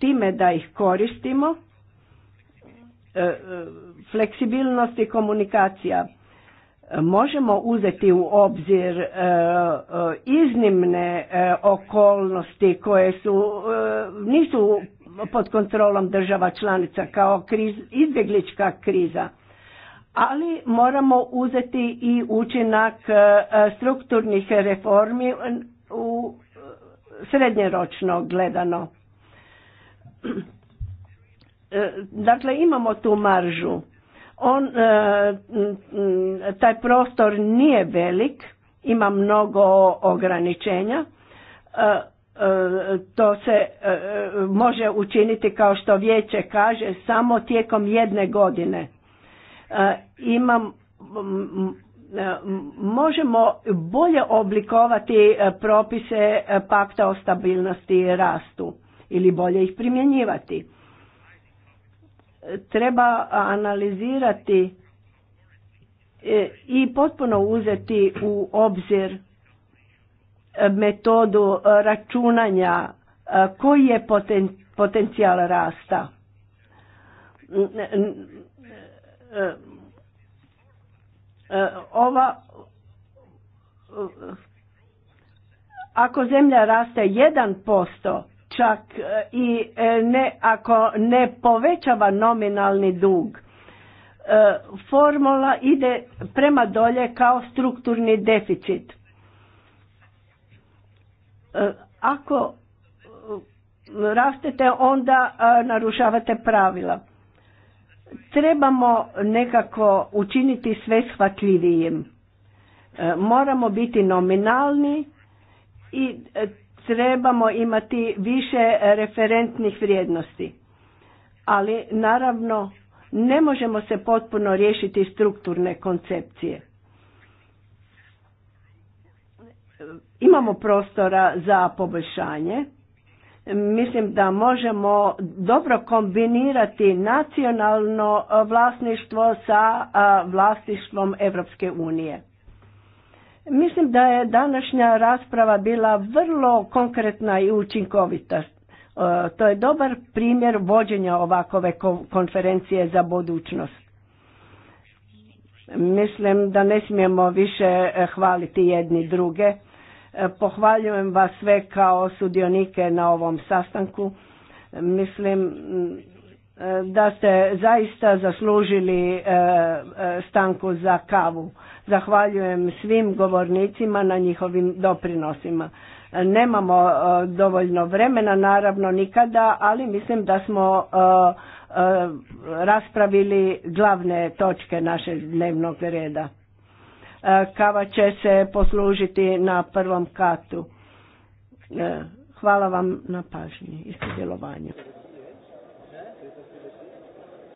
Speaker 4: time da ih koristimo fleksibilnost i komunikacija. Možemo uzeti u obzir e, e, iznimne e, okolnosti koje su, nisu pod kontrolom država članica kao kriz, izbjeglička kriza, ali moramo uzeti i učinak strukturnih reformi u srednjeročno gledano. Dakle, imamo tu maržu on, e, taj prostor nije velik, ima mnogo ograničenja. E, e, to se može učiniti kao što vijeće kaže samo tijekom jedne godine. Imam, možemo bolje oblikovati propise pakta o stabilnosti i rastu ili bolje ih primjenjivati treba analizirati e, i potpuno uzeti u obzir e, metodu računanja e, koji je potencijal rasta. Ova ako zemlja raste 1%, čak e, i e, ne ako ne povećava nominalni dug e, formula ide prema dolje kao strukturni deficit ako rastete onda narušavate pravila trebamo nekako učiniti sve shvatljivijim moramo biti nominalni i trebamo imati više referentnih vrijednosti. Ali naravno ne možemo se potpuno riješiti strukturne koncepcije. Imamo prostora za poboljšanje. Mislim da možemo dobro kombinirati nacionalno vlasništvo sa vlasništvom Europske unije. Mislim da je današnja rasprava bila vrlo konkretna i učinkovita. E, to je dobar primjer vođenja ovakove konferencije za budućnost. Mislim da ne smijemo više e, hvaliti jedni druge. E, pohvaljujem vas sve kao sudionike na ovom sastanku. Mislim da ste zaista zaslužili e, e, stanku za kavu. Zahvaljujem svim govornicima na njihovim doprinosima. Nemamo e, dovoljno vremena, naravno nikada, ali mislim da smo raspravili glavne točke našeg dnevnog reda. Kava će se poslužiti na prvom katu. Hvala vam na pažnji i sudjelovanju.